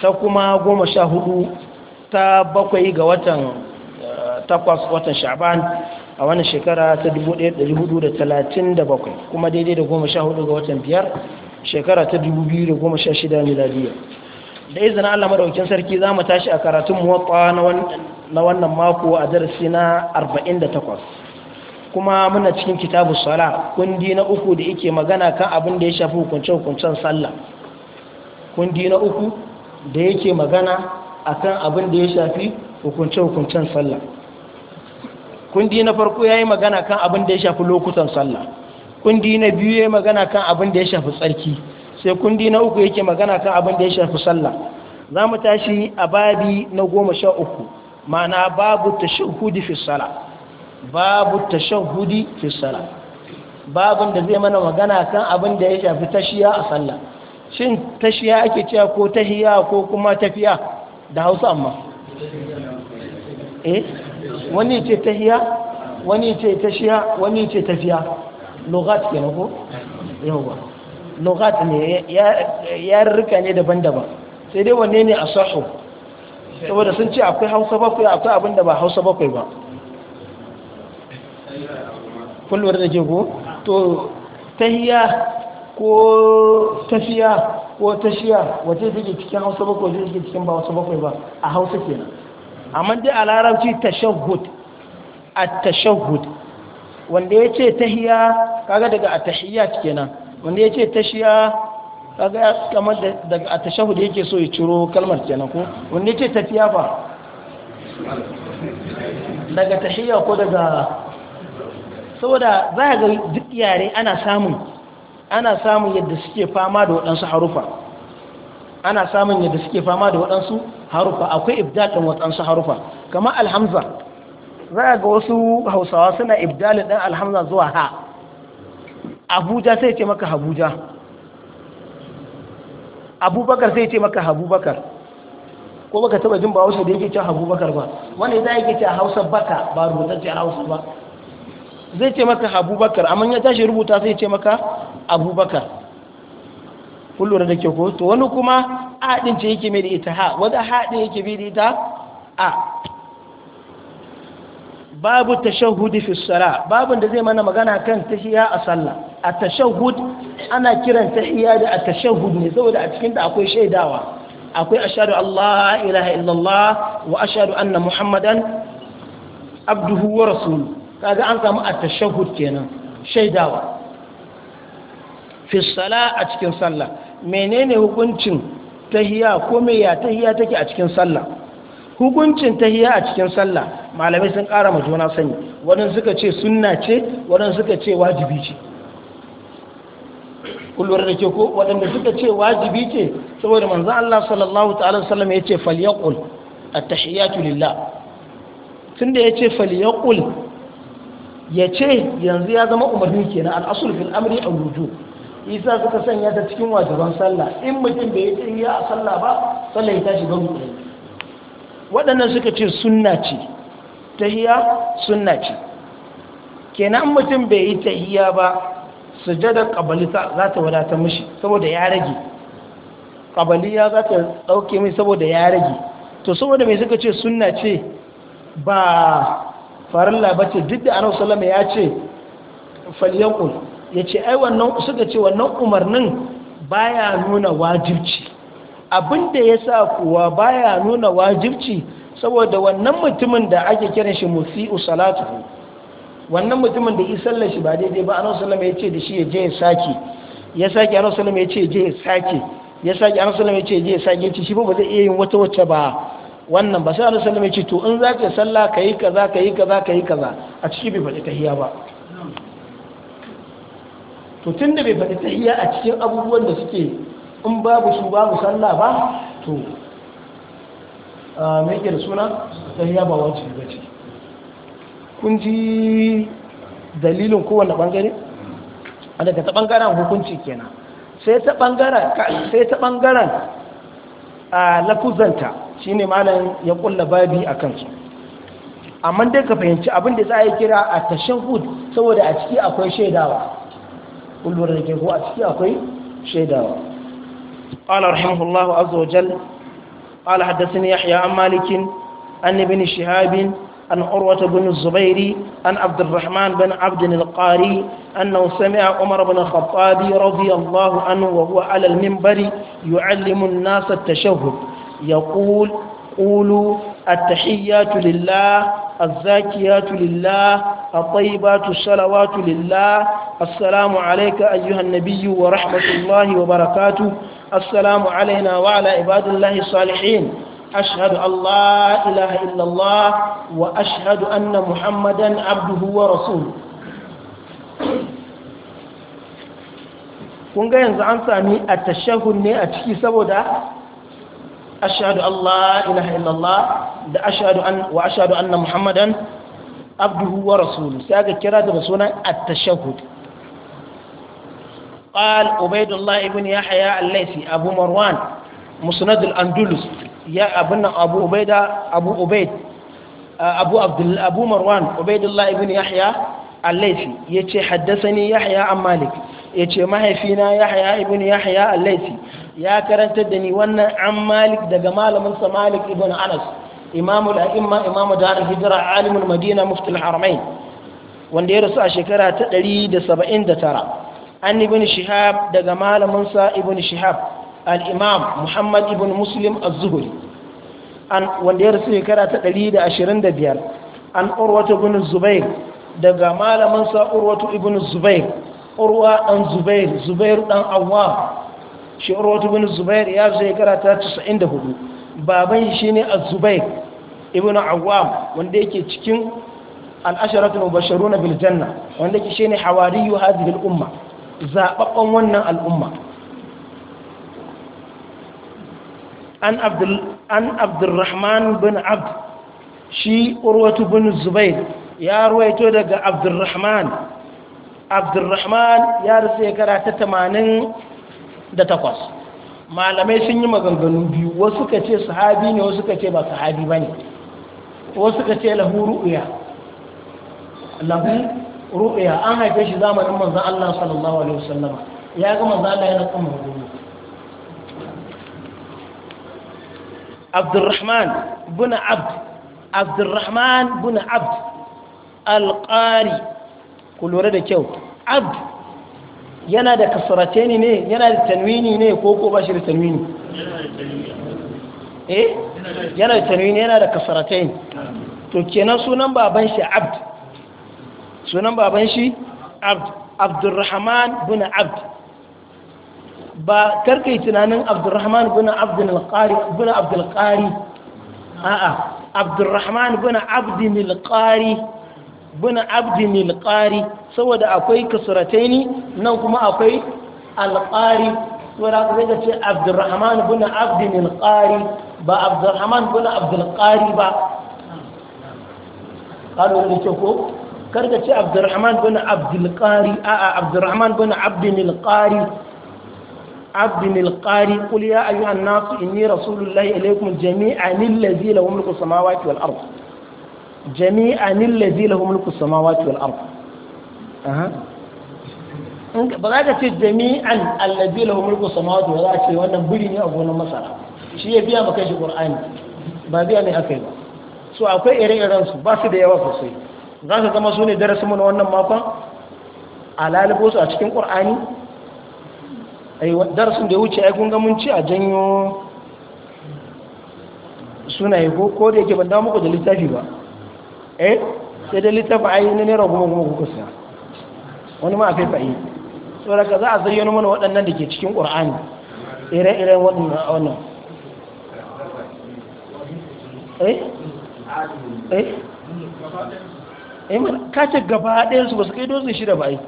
ta kuma goma sha hudu ta bakwai ga watan eh, takwas watan sha'ban a wannan shekara ta 1437 kuma daidai da goma sha hudu ga watan biyar shekara ta 2016 biyu da izina Allah maɗaukin sarki za mu tashi a karatun muwatta na wannan mako a darasi na 48 kuma muna cikin kitabu sala kundi na uku da ike magana kan abin da ya shafi hukunce-hukuncen sallah kundi na uku da yake magana a kan abin da ya shafi hukunce-hukuncen sallah kundi na farko ya yi magana kan abin da ya shafi lokutan sallah kundi na biyu ya yi magana kan abin da ya shafi tsarki sai kundi na uku yake magana kan abin da ya shafi sallah za mu tashi a babi na goma sha uku mana babu ta tashahudi fi sala babu ta tashahudi fi sala babin da zai mana magana kan abin da ya shafi tashiya a sallah shin tashiya ake cewa ko tahiya ko kuma tafiya da hausa amma eh wani ce tahiya wani ce tashiya wani ce tafiya logat ke ko yawa logat ne ya rika ne daban-daban sai dai wanne ne a sahu saboda sun ce akwai hausa bakwai akwai abin da ba hausa bakwai ba kullum da jego to tahiya ko tafiya ko tashiya wace take cikin hausa bakwai wace take cikin ba hausa bakwai ba a hausa kenan amma dai a larabci tashahud at tashahud wanda yace tahiya kaga daga at-tahiyyat kenan wanda yace tashiya kaga kamar daga at-tashahhud yake so ya ciro kalmar kenan ko wanda yace tafiya fa daga tahiya ko daga saboda za ga duk yare ana samun ana samun yadda suke fama da waɗansu harufa ana samun yadda suke fama da waɗansu harufa akwai ibdalin waɗansu harufa kamar alhamza za a ga wasu hausawa suna ibdalin ɗan alhamza zuwa ha abuja sai ce maka habuja abubakar sai ce maka habubakar ko baka taba jin ba wasu da yake cewa habubakar ba wani za a yake cewa hausa baka ba rubutacciyar hausa ba zai ce maka abubakar amma ya tashi rubuta zai ce maka abubakar kullum da ke ko to wani kuma haɗin ce yake mai da ita ha wanda haɗin yake bi da ita a babu tashahhud fi salah babun da zai mana magana kan tahiya a sallah a tashahud ana kiran tahiyya da at tashahhud ne saboda a cikin da akwai shaidawa akwai ashadu allah ilaha illallah wa ashadu anna muhammadan abduhu wa rasulu kaga an samu a tashahud kenan shaidawa fi sala a cikin sallah menene hukuncin tahiya ko me ya tahiya take a cikin sallah hukuncin tahiya a cikin sallah malamai sun kara ma juna sani waɗansu suka ce sunna ce waɗansu suka ce wajibi ce kullum da ke ko waɗanda suka ce wajibi ce saboda manzan Allah sallallahu ta'ala sallam ya ce falyaqul at-tahiyatu lillah tunda ya ce falyaqul ya ce yanzu ya zama umarni kenan al'asul fil amri a rujo isa suka sanya ta cikin wajiban sallah in mutum bai yi tsiriya a sallah ba sallah ya tashi ban kuɗi waɗannan suka ce sunna ce tahiya sunna ce kenan mutum bai yi tahiya ba sujadar ƙabali za ta wadata mishi saboda ya rage ƙabaliya za ta ɗauke mai saboda ya rage to saboda mai suka ce sunna ce ba farin ba ce duk da annabi sallama ya ce falyakul ya ce ai wannan suka ce wannan umarnin baya nuna wajibci abin da ya sa kuwa baya nuna wajibci saboda wannan mutumin da ake kiran shi musi'u salatu wannan mutumin da sallar shi ba daidai ba annabi sallama ya ce da shi ya je ya saki ya saki annabi sallama ya ce je ya saki ya saki annabi sallama ya ce je ya saki shi ba zai iya yin wata wacce ba wannan ba sai Allah sallama ya ce to in zaka yi sallah kai kaza kai kaza kai kaza a ciki bai faɗi tahiyya ba to tunda bai faɗi tahiyya a cikin abubuwan da suke in babu su babu sallah ba to me yake da suna tahiyya ba wajibi ba ce kun ji dalilin kowane bangare daga ta bangaren hukunci kenan sai ta bangaren sai ta bangaren a lakuzanta shi ne malayin ya kulla babi a kansu amma dai ka fahimci abinda za a yi kira a tashin hud saboda a ciki akwai shaidawa kullum da ke ko a ciki akwai shaidawa ƙwala rahimahullahu azawajal ƙwala haddasin yahya an malikin an ni bin an urwata bin zubairi an abdurrahman bin abdin alƙari an na wasami a umar bin khattabi radiyallahu anhu wa huwa alal mimbari yu'allimun nasa tashahud يقول قولوا التحيات لله الزاكيات لله الطيبات الصلوات لله السلام عليك أيها النبي ورحمة الله وبركاته السلام علينا وعلى عباد الله الصالحين أشهد أن لا إله إلا الله وأشهد أن محمدا عبده ورسوله kun ga yanzu an sami a ne a saboda ashhadu an la ilaha illallah da ashhadu an wa ashhadu anna muhammadan abduhu wa rasuluhu sai aka kira da sunan at-tashahhud قال عبيد الله بن يحيى الليثي أبو مروان مسند الأندلس يا ابن أبو عبيدة أبو عبيد أبو عبد أبو مروان عبيد الله بن يحيى الليثي يتي حدثني يحيى عن مالك يتي ما فينا يحيى ابن يحيى الليثي ya karantar da ni wannan an malik daga malamin sa malik ibn anas imamul a'imma imamu darul hijra alimul madina muftul haramain wanda ya rasu a shekara ta 179 an ibn shihab daga malamin sa ibn shihab al-imam muhammad ibn muslim az-zuhri wanda ya rasu shekara ta 125 an urwatu ibn zubair daga malamin sa urwatu ibn zubair urwa dan zubair zubair dan awwa shi urwatu bin zubair ya zo ya karata 94 baban shi ne a zubair ibn awwam wanda yake cikin al-asharatu mubashshiruna bil janna wanda yake shine hawariyu hadhihi al al'umma. Zaɓaɓɓen wannan al'umma an abdul an bin abd shi urwatu bin zubair ya ruwaito daga abdurrahman abdurrahman ya rasu ya karata 80 da takwas malamai sun yi maganganu biyu wasu ka ce sahabi ne wasu ka ce ba sahabi ba ne wasu ka ce lahu ru'uya lahu ru'uya an haife shi zamanin manzan Allah sallallahu alaihi wasallama ya ga manzan Allah yana kan maganganu Abdurrahman bin Abd Abdurrahman bin Abd Alƙari ku lura da kyau Abd yana da kasarateni ne yana da tanwini ne ko ko bashi da tanwini eh yana da tanwini yana da kasarateni. to kenan sunan baban shi abd sunan baban shi abd abdurrahman bin abd ba karkai tunanin abdurrahman bin abdulkari bin a a'a abdurrahman bin abdulkari bin abdin alƙari saboda akwai kasurataini nan kuma akwai alƙari saboda aka zai ce abdurrahman bin abdin alƙari ba abdurrahman bin abdulƙari ba ƙalu da ke ko karka ce abdurrahman bin abdulƙari a'a abdurrahman bin abdin alƙari abdin alƙari kul ya ayyuhan nasu inni rasulullahi ilaikum jami'an allazi lahu mulku samawati wal ardh jami'an la lahu mulku samawati wal ard aha ba za ka ce jami'an allazi lahu mulku samawati wal ard ce wannan buri ne a gonar masara shi ya biya maka shi qur'ani ba biya ne aka yi ba so akwai ire-iren su ba su da yawa sosai za ka zama su ne darasin mu na wannan makon a lalibo su a cikin qur'ani ai darasin da ya wuce ai kun mun ci a janyo sunaye ko ko da yake ban dawo muku da littafi ba eh sai dai littafi a yi na naira goma goma kuka siya wani ma a faifa yi tsoron ka za a zayyano mana waɗannan da ke cikin ƙur'ani ire-iren waɗannan wannan eh eh eh kace gaba ɗayan su ba su kai dozin shida ba yi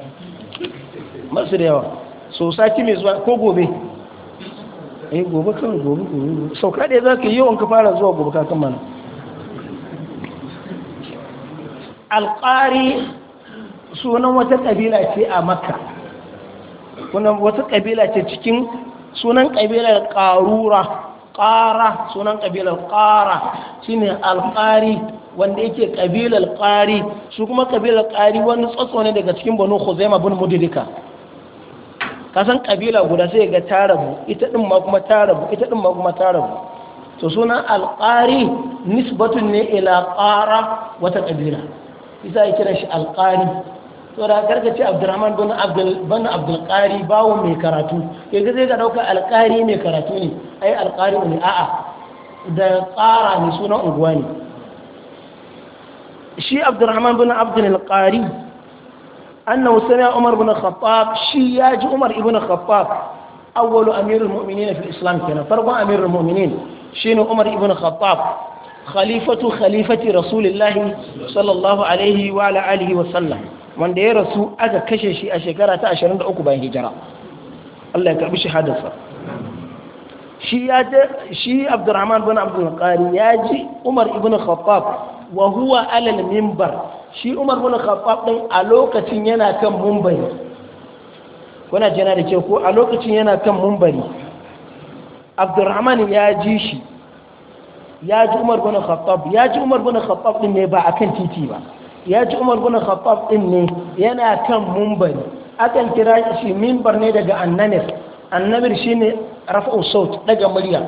masu da yawa so sati mai zuwa ko gobe eh gobe kan gobe gobe sauka ɗaya za ka yi yawan ka fara zuwa gobe kakan mana alƙari sunan wata ƙabila ce a makka wata ƙabila ce cikin sunan ƙabilar ƙarura ƙara sunan ƙabilar ƙara shine alƙari wanda yake ƙabilar ƙari su kuma ƙabilar ƙari wani tsotso ne daga cikin banu huzaima bin mudilika kasan ƙabila guda sai ga tarabu ita ɗin ma kuma tarabu ita ɗin ma kuma tarabu to sunan alƙari nisbatun ne ila ƙara wata ƙabila isa ya kira shi alƙari to da karka ce abdurrahman bin abdul bin abdul qari bawo mai karatu ke ga zai ga dauka alƙari mai karatu ne ai alƙari ne a'a da tsara ne sunan unguwa ne shi abdurrahman bin abdul qari annahu sami'a umar bin khattab shi ya ji umar ibn khattab awwalu amirul mu'minin fi islam kenan farkon amirul mu'minin shine umar ibn khattab khalifatu khalifati rasulillahi sallallahu alaihi wa ala alihi wa sallam wanda ya rasu aka kashe shi a shekara ta 23 bayan hijira Allah ya karbi shahadarsa shi ya shi Abdurrahman bin Abdul Qari ya ji Umar ibn Khattab wa huwa alal minbar shi Umar ibn Khattab din a lokacin yana kan Mumbari? kuna jana da ke ko a lokacin yana kan Mumbari? Abdurrahman ya ji shi ya ji umar bin khattab ya ji umar bin khattab din ne ba a kan titi ba ya ji umar bin khattab din ne yana kan mumbari akan kira shi mimbar ne daga annamir annamir ne rafa'u saut daga murya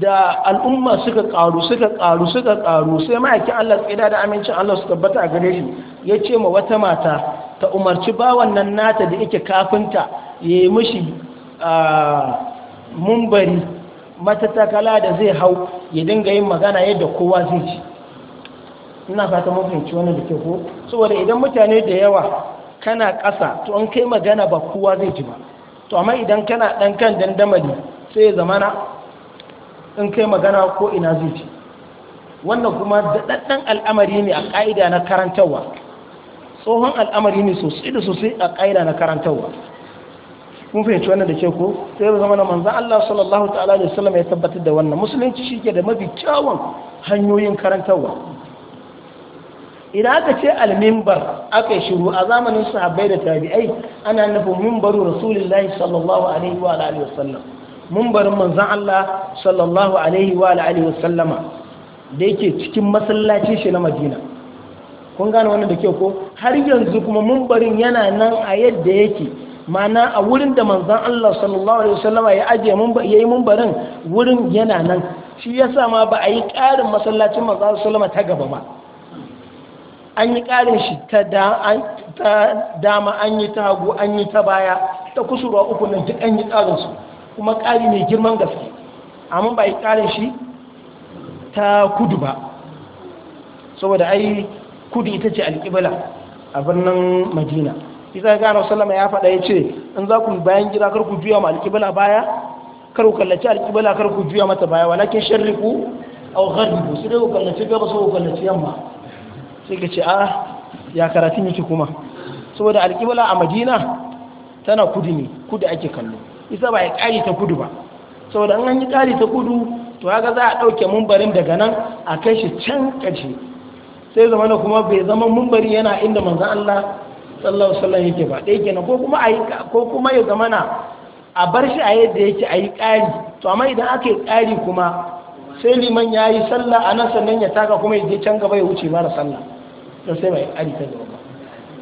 da al'umma suka karu suka karu suka karu sai ma'aikin Allah tsira da amincin Allah su tabbata a gare shi ya ce ma wata mata ta umarci bawan nan nata da yake kafinta ya yi mishi ah, mumbari matattakala da zai hau ya dinga yin magana yadda kowa zai ci ina fata mun fahimci wani da ke ko saboda idan mutane da yawa kana ƙasa to an kai magana ba kowa zai ji ba to amma idan kana ɗan kan dandamali sai ya zamana in kai magana ko ina zai ji wannan kuma daɗaɗɗen al'amari ne a ƙa'ida na karantarwa tsohon al'amari ne sosai da sosai a ƙa'ida na karantarwa kun fahimci wannan da ke ko sai zama na manzan Allah sallallahu ta'ala da sallama ya tabbatar da wannan musulunci shi ke da mafi kyawun hanyoyin karantarwa idan aka ce almimbar aka yi shiru a zamanin sahabbai da tabi'ai ana nufin mimbaru rasulullahi sallallahu alaihi wa alihi wasallam mimbarin manzan Allah sallallahu alaihi wa alihi wasallama da yake cikin masallaci shi na Madina kun gane wannan da ke ko har yanzu kuma mimbarin yana nan a yadda yake ma'ana a wurin da manzan Allah sallallahu alaihi wasallama ya ajiye ya yi mumbarin wurin yana nan shi ya sa ma ba a yi ƙarin masallacin manzan sallama ta gaba ba an yi ƙarin shi ta dama an yi ta hagu an yi ta baya ta kusurwa uku nan duk an yi ƙarin su kuma ƙari mai girman gaske amma ba a yi ƙarin shi ta kudu ba saboda ai kudu ita ce alƙibla a birnin madina isa ga annabi sallama ya faɗa ya ce in za ku bayan gida kar ku juya ma alƙibla baya kar ku kallaci alƙibla kar ku juya mata baya walakin sharriku aw gharibu sai ku kallaci gaba sai ku kallaci yamma sai ka ce a ah, ya karatun yake kuma saboda alƙibla a madina tana kudu ne kudu ake kallo isa ba ya ƙari ta kudu ba saboda an yi ƙari ta kudu to haka za a ɗauke mumbarin daga nan a kai shi can ƙarshe sai zama kuma bai zama mumbari yana inda manzan Allah sallallahu sallam yake ba ɗaya kenan ko kuma ayi ko kuma ya na a bar shi a yadda yake ayi ƙari to amma idan aka yi ƙari kuma sai liman ya yi sallah a nan sannan ya taka kuma ya je can gaba ya wuce mara sallah don sai mai ƙari ta gaba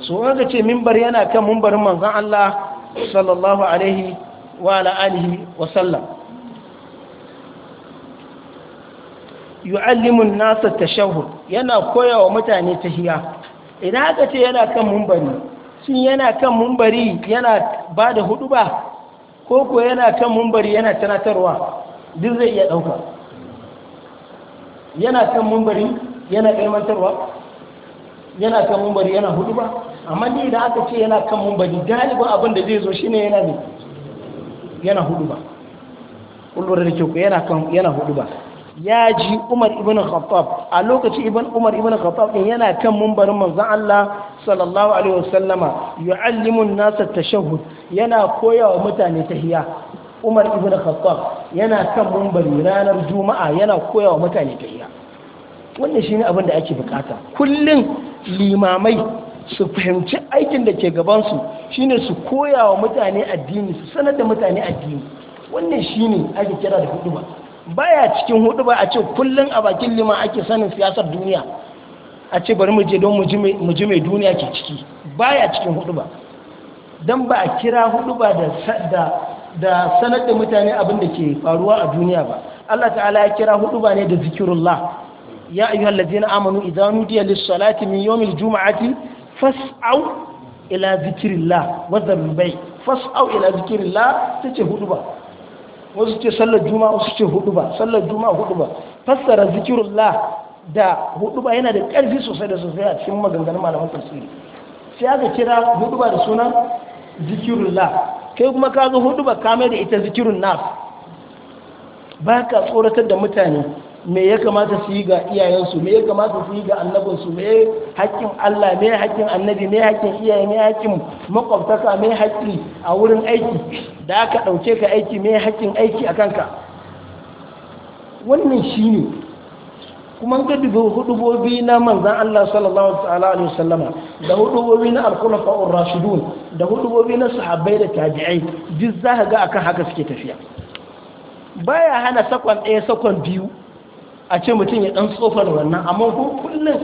so wanda ce mimbar yana kan mimbarin manzon Allah sallallahu alaihi wa ala alihi wa sallam yu'allimun nasa tashahhud yana koyawa mutane tahiya idan aka ce yana kan mumbari shi yana kan mumbari yana ba da hudu ba ko kuwa yana kan mumbari yana tanatarwa duk zai iya ɗauka yana kan mumbari yana ilmantarwa yana kan mumbari yana hudu ba amma ni idan aka ce yana kan mumbari galibin abin da zai zo shine yana ne yana hudu ba kullum da kyau yana kan yana hudu ba ya ji Umar ibn Khattab a lokacin ibn Umar ibn Khattab din yana kan mumbarin manzon Allah sallallahu alaihi wasallama yu'allimu an-nasa tashahhud yana wa mutane tahiyya Umar ibn Khattab yana kan mumbari ranar Juma'a yana wa mutane tahiyya wannan shine abin da ake bukata kullun limamai su fahimci aikin da ke gaban su shine su koyawa mutane addini su sanar da mutane addini wannan shine ake kira da huduma baya cikin hudu ba a ce kullum a bakin lima ake sanin siyasar duniya a ce bari mu je don mu ji mai duniya ke ciki baya cikin hudu ba don ba a kira hudu ba da sanar da mutane abin da ke faruwa a duniya ba Allah ta'ala ya kira hudu ba ne da zikirullah ya ayyuhal na amanu idanu diya lis-salati min yawmil jum'ati fas'au ila zikrillah wa dhanbay fas'au ila ta ce hudu ba wasu ce sallar juma'a wasu ce hudu ba sallar juma'a hudu ba fassara zikirullah da hudu ba yana da karfi sosai da sosai a cikin maganganun malaman tafsiri sai aka kira hudu ba da sunan zikirullah kai kuma ka zo hudu ba mai da ita zikirun nas ba ka tsoratar da mutane me ya kamata su yi ga iyayensu me ya kamata su yi ga annabinsu me haƙƙin Allah me haƙƙin annabi me haƙƙin iyaye me haƙƙin makwabtaka me haƙƙi a wurin aiki da aka ɗauke ka aiki me haƙƙin aiki a kanka wannan shi ne kuma ga dubu hudubobi na manzan Allah sallallahu alaihi wasallama da hudubobi na alkhulafa ar-rashidun da hudubobi na sahabbai da tabi'ai duk za ka ga akan haka suke tafiya baya hana sakon ɗaya sakon biyu a ce mutum ya dan tsofar wannan amma ko kullum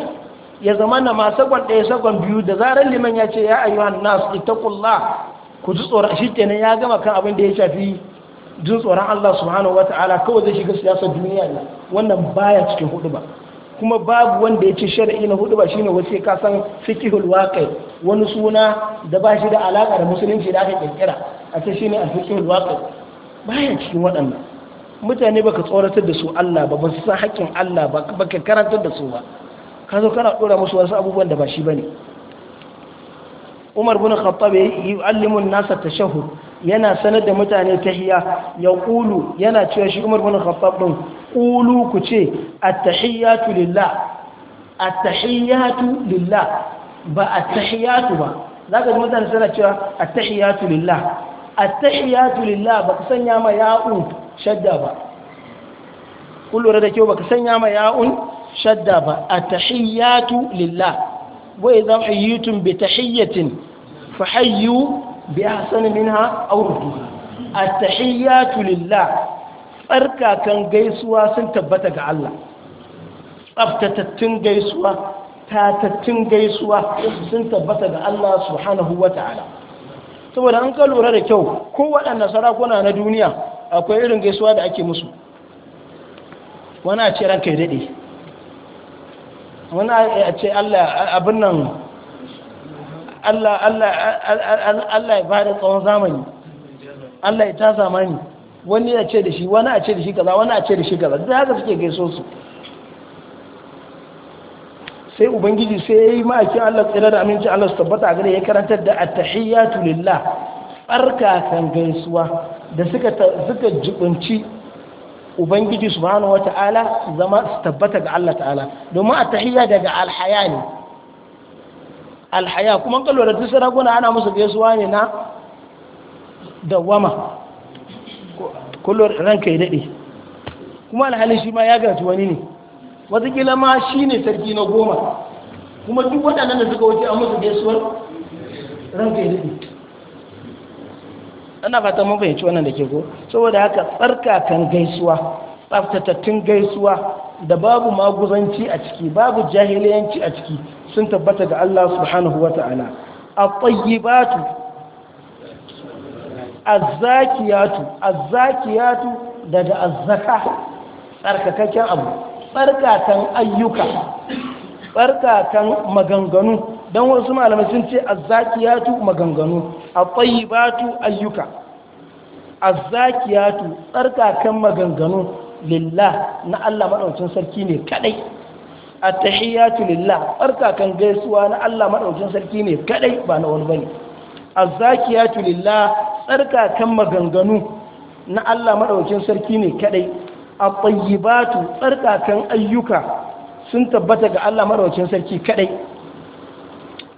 ya zama na ma sakon ɗaya sakon biyu da zarar liman ya ce ya ayyuhan ita ittaqullah ku ji tsoron shi kenan ya gama kan abin da ya shafi jin tsoron Allah subhanahu wataala kawai zai shiga siyasar duniya ne wannan baya cikin hudu ba kuma babu wanda ya ce shari'i na hudu ba shine wace ka san fiqhul waqi wani suna da ba shi da alaka da musulunci da aka kirkira a ce shine al-fiqhul waqi baya cikin waɗannan mutane baka tsoratar da su Allah ba ba su san haƙƙin Allah ba baka karantar da su ba ka zo kana dora musu wasu abubuwan da ba shi bane Umar bin Khattab yu'allimu an-nasa tashahhud yana sanar da mutane tahiyya ya qulu yana cewa shi Umar bin Khattab din qulu ku ce at-tahiyyatu lillah at-tahiyyatu lillah ba at-tahiyyatu ba zaka ji mutane suna cewa at-tahiyyatu lillah at-tahiyyatu lillah ba sanya ma ya'u shadda ba kullura da kyau baka sanya ma ya'un shadda ba at-tahiyyatu lillah wa idza hayyitum bi tahiyyatin fahayyu bi ahsani minha aw rudduha at-tahiyyatu lillah tsarkakan gaisuwa sun tabbata ga Allah tsaftatattun gaisuwa tatattun gaisuwa sun tabbata ga Allah subhanahu wa ta'ala saboda an ka lura da kyau ko waɗanda sarakuna na duniya akwai irin gaisuwa da ake musu wani a ce ranka ya daɗe wani a ce allah abin nan allah ya ya bada tsawon zamani allah ya ta zamani wani a ce da shi wani a ce da shi gaza wani a ce da shi gaza da haka suke gaiso su sai ubangiji sai ya yi ma'aikin allah tsira da aminci allah su tabbata a gane ya karantar da tahiyyatu lillah kan gaisuwa da suka suka jibinci ubangiji subhanahu wata'ala zama su tabbata ga Allah ta'ala domin a tahiyya daga alhaya ne alhaya kuma kallo da sarakuna ana musu gaisuwa ne na dawama kullum ranka ya daɗe kuma alhalin shi ma ya gaji wani ne watakila ma shi ne sarki na goma kuma duk waɗannan da suka wuce a musu gaisuwar ranka ya daɗe ana fata mun fahimci wannan da ke ko saboda haka tsarkakan gaisuwa tsaftatattun gaisuwa da babu maguzanci a ciki babu jahiliyanci a ciki sun tabbata ga Allah subhanahu wa ta'ala at-tayyibatu az-zakiyatu az-zakiyatu daga az-zaka tsarkakakken abu tsarkakan ayyuka tsarkakan maganganu don wasu malamai sun ce az-zakiyatu maganganu at-tayyibatu ayyuka az-zakiyatu tsarkakan maganganu lillah na Allah madaukakin sarki ne kadai at-tahiyatu lillah tsarkakan gaisuwa na Allah madaukakin sarki ne kadai ba na wani bane az-zakiyatu lillah tsarkakan maganganu na Allah madaukakin sarki ne kadai at-tayyibatu tsarkakan ayyuka sun tabbata ga Allah madaukakin sarki kadai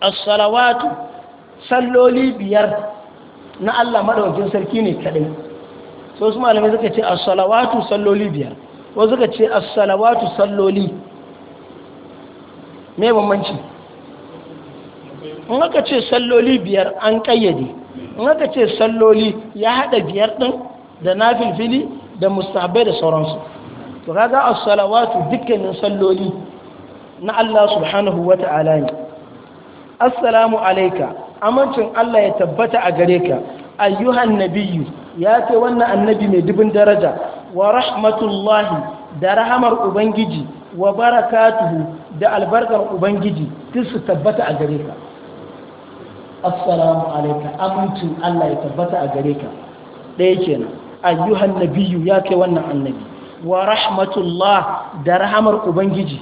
as-salawatu salloli biyar na Allah madaukakin sarki ne kadai so su malamai suka ce as-salawatu salloli biyar wasu suka ce as-salawatu salloli me bambanci in aka ce salloli biyar an kayyade in aka ce salloli ya hada biyar din da nafilfili da mustahabbai da sauransu to kaga as-salawatu dukkanin salloli na Allah subhanahu wata'ala ne assalamu alayka amincin Allah ya tabbata a gare ka ayyuhan nabiyyu ya ce wannan annabi mai dubin daraja wa rahmatullahi da rahamar ubangiji wa barakatuhu da albarkar ubangiji su tabbata a gare ka assalamu alaika amincin Allah ya tabbata a gare ka Daya kenan ayyuhan nabiyyu ya ce wannan annabi wa rahmatullahi da rahamar ubangiji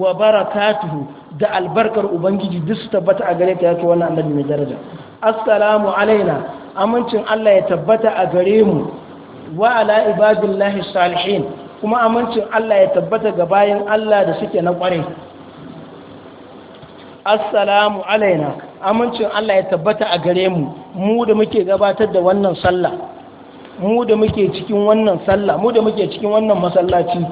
wa barakatuhu da albarkar ubangiji duk su tabbata a gare ta yake wannan annabi mai daraja assalamu alaina amincin Allah ya tabbata a gare mu wa ala ibadillahi salihin kuma amincin Allah ya tabbata ga bayan Allah da suke na kware assalamu alaina amincin Allah ya tabbata a gare mu mu da muke gabatar da wannan sallah mu da muke cikin wannan sallah mu da muke cikin wannan masallaci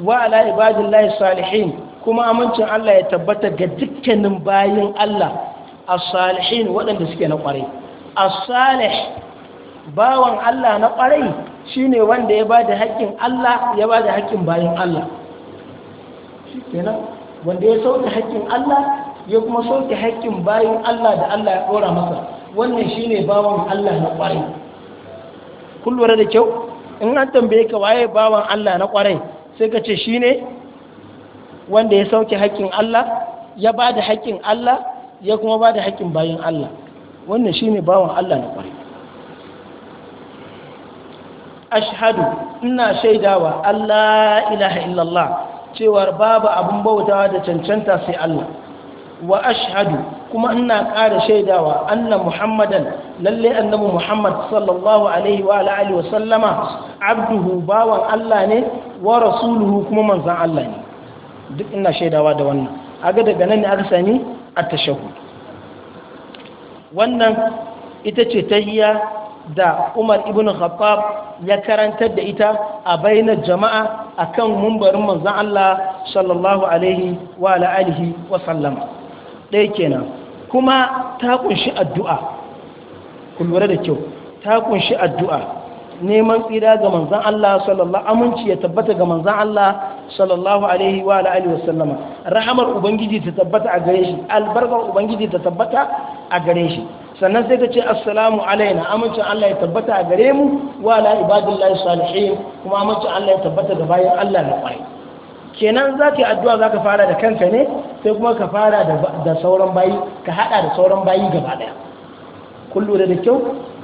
wa ala ibadillahi salihin kuma amincin Allah ya tabbata ga dukkanin bayin Allah as-salihin waɗanda suke na ƙwarai as-salih bawan Allah na ƙwarai shine wanda ya bada haƙƙin Allah ya bada haƙƙin bayin Allah kenan wanda ya sauke haƙƙin Allah ya kuma sauke haƙƙin bayin Allah da Allah ya ɗora masa wannan shine bawan Allah na ƙwarai kun da kyau in an tambaye ka waye bawan Allah na ƙwarai sai ka ce shine wanda ya sauke haƙƙin Allah ya ba da haƙƙin Allah ya kuma ba da haƙƙin bayan Allah wannan ne bawan Allah na ƙwarai ashhadu ina shaidawa Allah ilaha illallah cewa babu abin bautawa da cancanta sai Allah wa ashhadu kuma ina ƙara shaidawa anna muhammadan lalle annabi muhammad sallallahu alaihi wa sallama abduhu bawan Allah ne wa rasuluhu kuma manzon Allah ne duk ina shaidawa da wannan aga daga nan ne aka sami a tashahhud wannan ita ce ta iya da Umar ibn Khattab ya karantar da ita a bainar jama'a a kan mumbarin manzon Allah sallallahu alaihi wa ala wa sallama ɗaya kenan kuma ta kunshi addu'a ku da kyau ta kunshi addu'a neman tsira ga manzan Allah sallallahu aminci ya tabbata ga manzan Allah sallallahu alaihi wa alihi wa sallama rahamar ubangiji ta tabbata a gare shi albarkar ubangiji ta tabbata a gare shi sannan sai ka ce assalamu alaina amincin Allah ya tabbata a gare mu wa ala ibadillahi salihin kuma amincin Allah ya tabbata ga bayan Allah na kwai kenan za ka yi addu'a za ka fara da kanka ne sai kuma ka fara da sauran bayi ka hada da sauran bayi gaba daya kun da kyau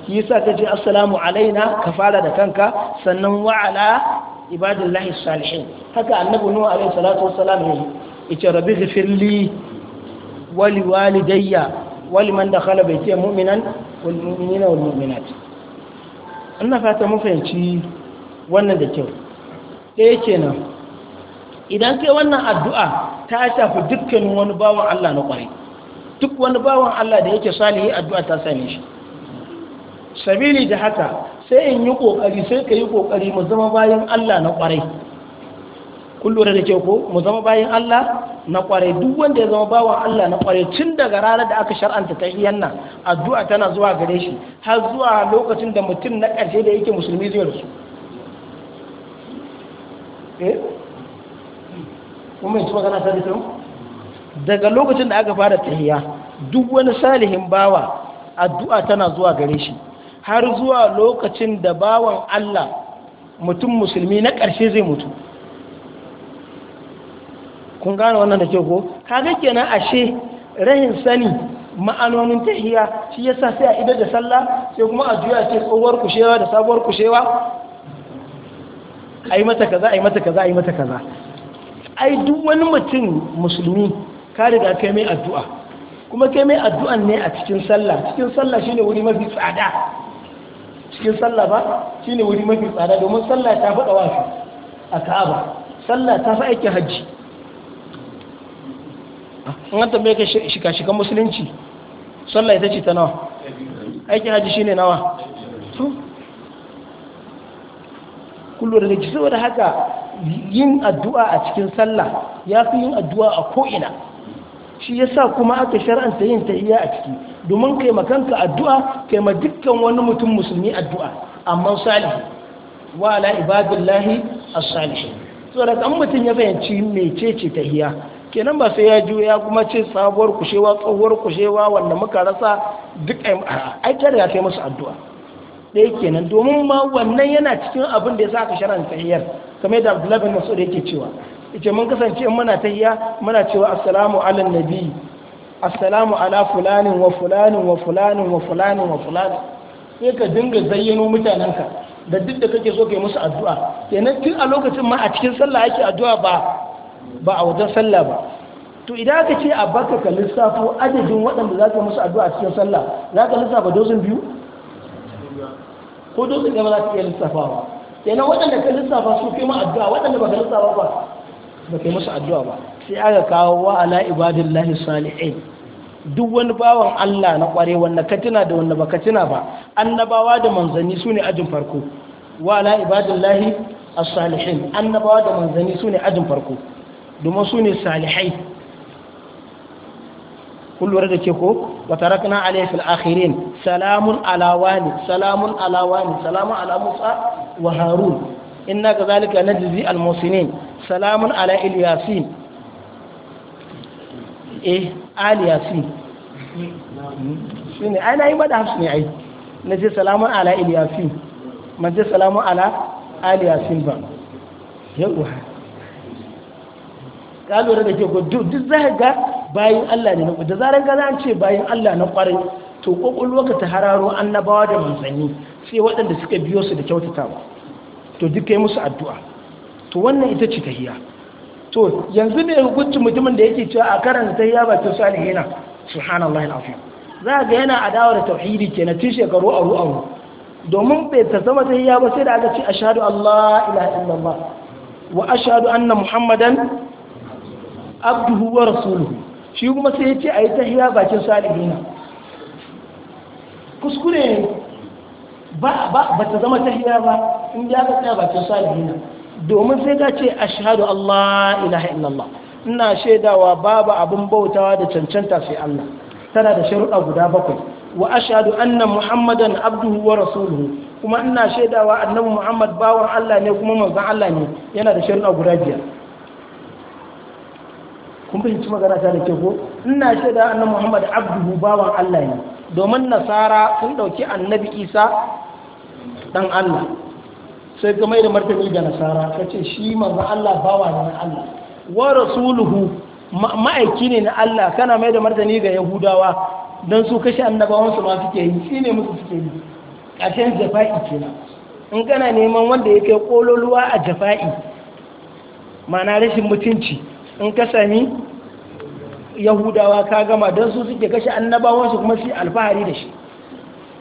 shi yasa ka ce assalamu alaina ka fara da kanka sannan wa ala ibadillahi salihin haka annabi nuhu alaihi salatu wassalam ya yi ce rabbi ghfirli wa li walidayya wa liman dakhala baiti mu'minan wal mu'minina wal mu'minat ina fata mun fahimci wannan da kyau ɗaya kenan idan kai wannan addu'a ta shafi dukkanin wani bawan Allah na kwarai duk wani bawan Allah da yake salihi addu'a ta same shi sabili da haka sai in yi kokari sai ka yi kokari mu zama bayan Allah na kwarai kun lura da ke ko mu zama bayan Allah na kwarai duk wanda ya zama bawan Allah na kwarai tun daga ranar da aka shar'anta ta iyan nan addu'a tana zuwa gare shi har zuwa lokacin da mutum na ƙarshe da yake musulmi zai rasu eh kuma yanzu magana ta da daga lokacin da aka fara tahiya duk wani salihin bawa addu'a tana zuwa gare shi har zuwa lokacin da bawan Allah mutum musulmi na ƙarshe zai mutu kun gane wannan da ke ko kaga kenan ashe rahin sani ma'anonin tahiya shi yasa sai a idar da sallah sai kuma a juya ce tsohuwar kushewa da sabuwar kushewa a yi mata kaza a yi mata kaza a yi mata kaza ai duk wani mutum musulmi ka riga kai mai addu'a kuma kai mai addu'an ne a cikin sallah cikin sallah shine wuri mafi tsada cikin sallah ba shine wuri mafi tsada domin sallah ta faɗa wasu a ka'aba sallah ta fi aikin hajji an mai ka shika-shikan musulunci sallah ita ce ta nawa aikin hajji ne nawa kullum da gaji saboda haka yin addu'a a cikin sallah ya fi yin addu'a a ko'ina shi ya sa kuma aka shar'anta yin ta iya a ciki domin kai makanka addu'a kai ma dukkan wani mutum musulmi addu'a amma salihu wa ala ibadillahi as-salihin saboda kan mutum ya fahimci ta tahiya kenan ba sai ya juya kuma ce sabuwar kushewa tsohuwar kushewa wanda muka rasa duk ai ta ya kai musu addu'a ɗaya kenan domin ma wannan yana cikin abin da ya sa ka sharan tahiyar kamar da Abdullahi bin Mas'ud yake cewa yace mun kasance in muna tahiya muna cewa assalamu ala nabi assalamu ala fulanin wa fulanin wa fulanin wa fulanin wa fulanin sai ka dinga zayyano mutanenka da duk da kake so kai musu addu'a kenan tun a lokacin ma a cikin sallah ake addu'a ba ba a wajen sallah ba to idan aka ce a baka ka lissafo adadin waɗanda za ka musu addu'a a cikin sallah za ka lissafa dozin biyu ko dozin gaba za ka iya lissafawa kenan waɗanda ka lissafa su kai ma addu'a waɗanda ba ka lissafa ba ba kai musu addu'a ba sai aka kawo wa ala ibadillahi salihin duk wani bawan Allah na kware wanda ka tuna da wanda baka tuna ba annabawa da manzanni sune ajin farko wala ibadillahi as-salihin annabawa da manzanni sune ajin farko domin sune salihai kullura da ke ko wa tarakna alayhi fil akhirin salamun ala wani salamun ala wani salamun ala musa wa harun inna kadhalika najzi al-musinin salamun ala ilyasin eh aliyasin shi ne ai na yi mada hafsu ne ai na ce salamun ala iliyasin ma ce salamun ala aliyasin ba yawwa ka lura da ke ko duk za ga bayan Allah ne da zarar ga an ce bayan Allah na kwarai to kokolwa ka ta hararo annabawa da manzanni sai waɗanda suka biyo su da kyautatawa to duk kai musu addu'a to wannan ita ce tahiyya to yanzu ne hukuncin mutumin da yake cewa a karanta ta ya bakin salihina subhanallahi alazim za ga yana adawa da tauhidi kenan tun shekaru aru aru domin bai ta zama ta ya ba sai da aka ce ashhadu allah ilaha illallah wa ashhadu anna muhammadan abduhu wa rasuluhu shi kuma sai ya ce ayi tahiyya bakin salihina kuskure ba ba ta zama tahiyya ba in da aka tsaya bakin salihina domin sai ka ce shahadu Allah ilaha illallah ina shaidawa babu abin bautawa da cancanta sai Allah tana da sharuɗa guda bakwai wa ashhadu anna muhammadan abduhu wa rasuluhu kuma ina shaidawa annabi muhammad bawan Allah ne kuma manzon Allah ne yana da sharuɗa guda biyar kun fahimci magana ta da ke ko ina shaidawa annabi muhammad abduhu bawan Allah ne domin nasara sun dauki annabi isa dan Allah sai ka mai da martani ga nasara ka ce shi manzo Allah bawa ne Allah wa rasuluhu ma'aiki ne na Allah kana mai da martani ga yahudawa don su kashe annabawansu ma suke yi shine musu suke yi cikin jafa'i kenan in kana neman wanda ya kai a jafa'i ma'ana rashin mutunci in ka sami yahudawa ka gama don su suke kashe annabawansu kuma su alfahari da shi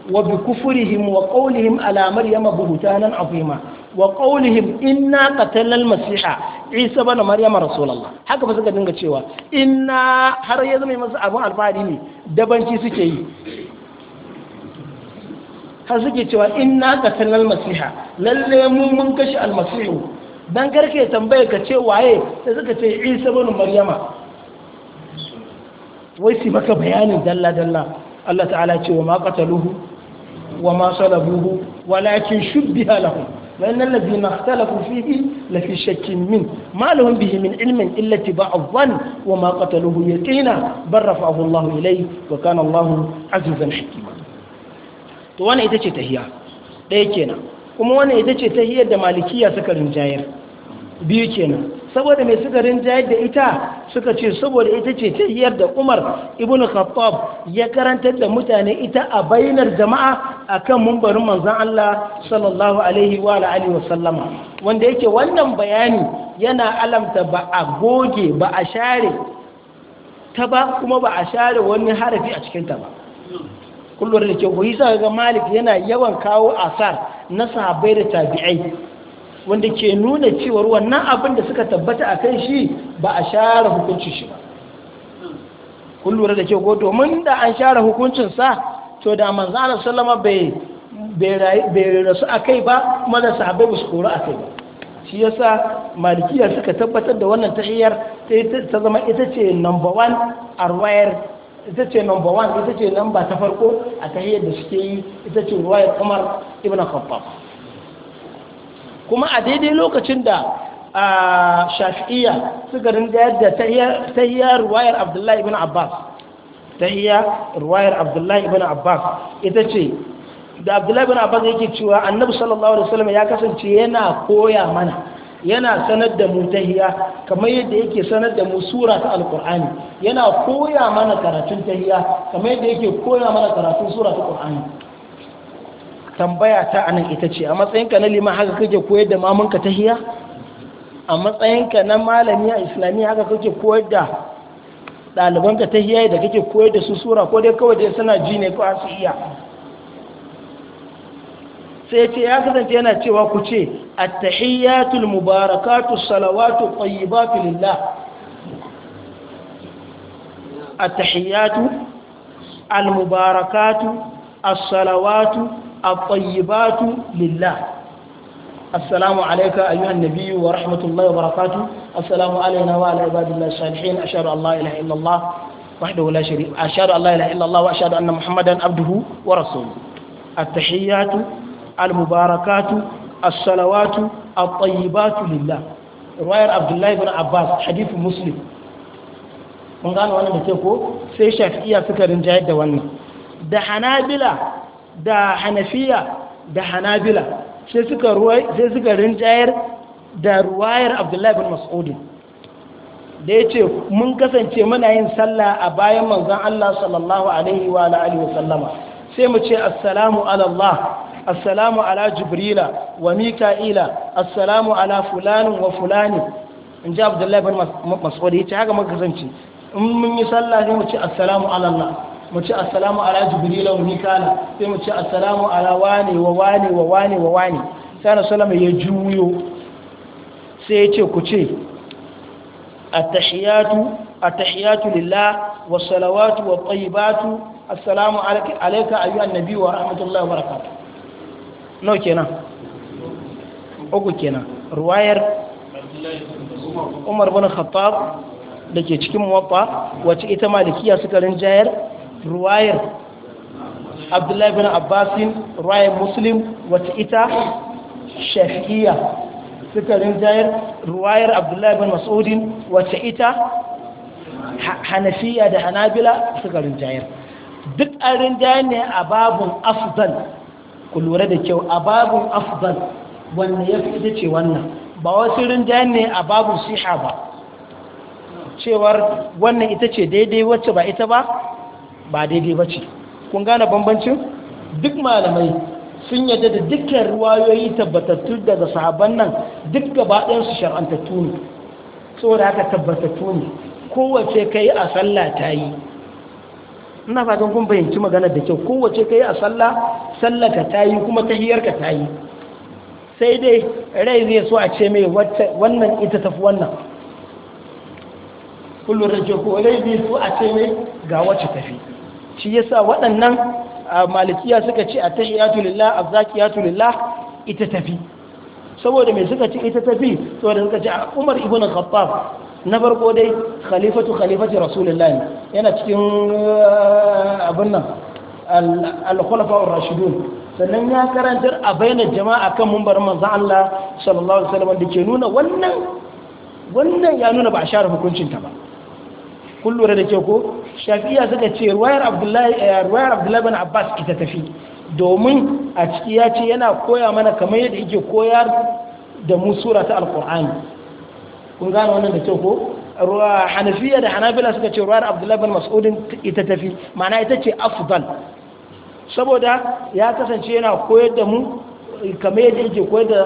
وبكفرهم وقولهم على مريم بهتانا عظيما وقولهم إنا قتلنا المسيح عيسى بن مريم رسول الله haka ba suka dinga cewa inna har ya zama masa abun alfahari ne dabanci suke yi har suke cewa inna qatalna al-masiha lalle mun kashi dan karke tambaye ka ce waye sai suka ce Isa bin Maryama wai si maka bayanin dalla dalla Allah ta'ala ce wa ma qataluhu وما صلبوه ولكن شبه لهم وإن الذين اختلفوا فيه لفي شك منه ما لهم به من علم إلا اتباع الظن وما قتلوه يقينا بل رفعه الله إليه وكان الله عزيزا حكيما to wannan ita ce tahiya ɗaya kenan kuma wannan ita ce tahiyar da malikiya suka rinjayar biyu kenan saboda mai sukarin jayar da ita suka ce saboda ita ce ta tahiyar da umar ibn khattab ya karantar da mutane ita a bainar jama'a a kan mumbarin manzan Allah sallallahu alaihi wa alihi sallama wanda yake wannan bayani yana alamta ba a goge ba a share ta ba kuma ba a share wani harafi a cikin ta ba kullum da ke goyi sa ga malik yana yawan kawo asar na sahabbai da tabi'ai wanda ke nuna cewar wannan abin da suka tabbata a kai shi ba a share hukuncin shi ba kun lura da ke ko domin da an share hukuncinsa to da manzo Allah sallama bai bai rasu a kai ba kuma da sahabbai ba su koro a kai ba shi yasa malikiya suka tabbatar da wannan tahiyar ta zama ita ce number one a ita ce number one ita ce number ta farko a tahiyar da suke yi ita ce ruwayar umar ibn khattab kuma a daidai lokacin da a shafi'iyya suka rinjayar da ta iya ruwayar abdullahi ibn abbas ta ruwayar abdullahi ibn abbas ita ce da abdullahi ibn abbas yake cewa annabi sallallahu alaihi wasallam ya kasance yana koya mana yana sanar da mu tahiya kamar yadda yake sanar da mu sura ta alkur'ani yana koya mana karatun tahiya kamar yadda yake koya mana karatun sura ta alkur'ani tambaya ta nan ita ce a matsayinka na liman haka kake koyar da mamanka ta hiya a matsayinka na malami a islamiyya haka kake koyar da ɗalibanka ta hiya da kake koyar da su sura ko dai kawai dai suna ji ne ko su iya sai ce ya kasance yana cewa ku ce at-tahiyyatul mubarakatu salawatu tayyibatu lillah at-tahiyyatu al-mubarakatu as-salawatu الطيبات لله السلام عليك أيها النبي ورحمة الله وبركاته السلام علينا وعلى عباد الله الصالحين أشهد أن لا إله إلا الله وحده لا شريك أشهد أن لا إله إلا الله وأشهد أن محمدا عبده ورسوله التحيات المباركات الصلوات الطيبات لله رواية عبد الله بن عباس حديث مسلم من قال وانا بتقول ke ko فكر جاهد وانا rinjayar da da hanafiya da hanabila sai suka ruwai sai suka rinjayar da ruwayar abdullahi bin mas'udi da ya ce mun kasance muna yin sallah a bayan manzan Allah sallallahu alaihi wa alaihi wa sallama sai mu ce assalamu alallah assalamu ala jibrila wa mika'ila assalamu ala fulanin wa fulani in ji abdullahi bin mas'udi ya ce haka mun kasance in mun yi sallah sai mu ce assalamu alallah mu ce assalamu ala jibrila wa mikala sai mu ce assalamu ala wani wa wani wa wani wa wani sai na salama ya juyo sai ya ce ku ce at-tahiyatu lillah wa salawatu wa tayyibatu assalamu alayka ayyuhan nabi wa rahmatullahi wa barakatuh no kenan uku kenan ruwayar Umar bin Khattab da ke cikin muwaffa wacce ita malikiya suka rinjayar ruwayar abdullahi bin abbasin ruwayar muslim wata ita shafi'iyya suka jayar ruwayar abdullahi bin mas'udin wata ita hanafiya da hanabila suka jayar duk an jayar ne a babun afdal ku lura da kyau a babun afdal wanda ya fi ita ce wannan ba wasu rinjayar ne a babun siha ba cewar wannan ita ce daidai wacce ba ita ba ba daidai ba ce kun gane bambancin duk malamai sun yadda da dukkan ruwayoyi tabbatattu daga sahabban nan duk gaba ɗansu shar'antattu ne saboda haka tabbatattu ne kowace yi a sallah ta yi ina fatan kun fahimci magana da kyau kowace yi a sallah ka ta yi kuma ka ta yi sai dai rai zai so a ce mai wannan ita tafi wannan kullum da ko rai zai so a ce mai ga wacce tafi shi yasa waɗannan malikiya suka ce a lillah azzakiyatu lillah ita tafi saboda mai suka ce ita tafi saboda suka ce Umar ibn Khattab na farko dai khalifatu khalifati rasulullahi yana cikin abin nan al-khulafa ar-rashidun sannan ya karantar a bainar jama'a kan Mumbar manzan Allah sallallahu alaihi wasallam da ke nuna wannan wannan ya nuna ba a share hukuncin ta ba kun lura da ke ko shafiya suka ce eh, ruwayar abdullahi bin abbas ita tafi domin a ciki ya ce yana koya mana kamar yadda yake koyar da mu sura ta alkur'ani kun gane wannan da ke ko ruwa hanafiya da hanabila suka ce ruwayar abdullahi bin mas'udin ita tafi ma'ana ita ce afdal saboda ya kasance yana koyar da mu kamar yadda yake koyar da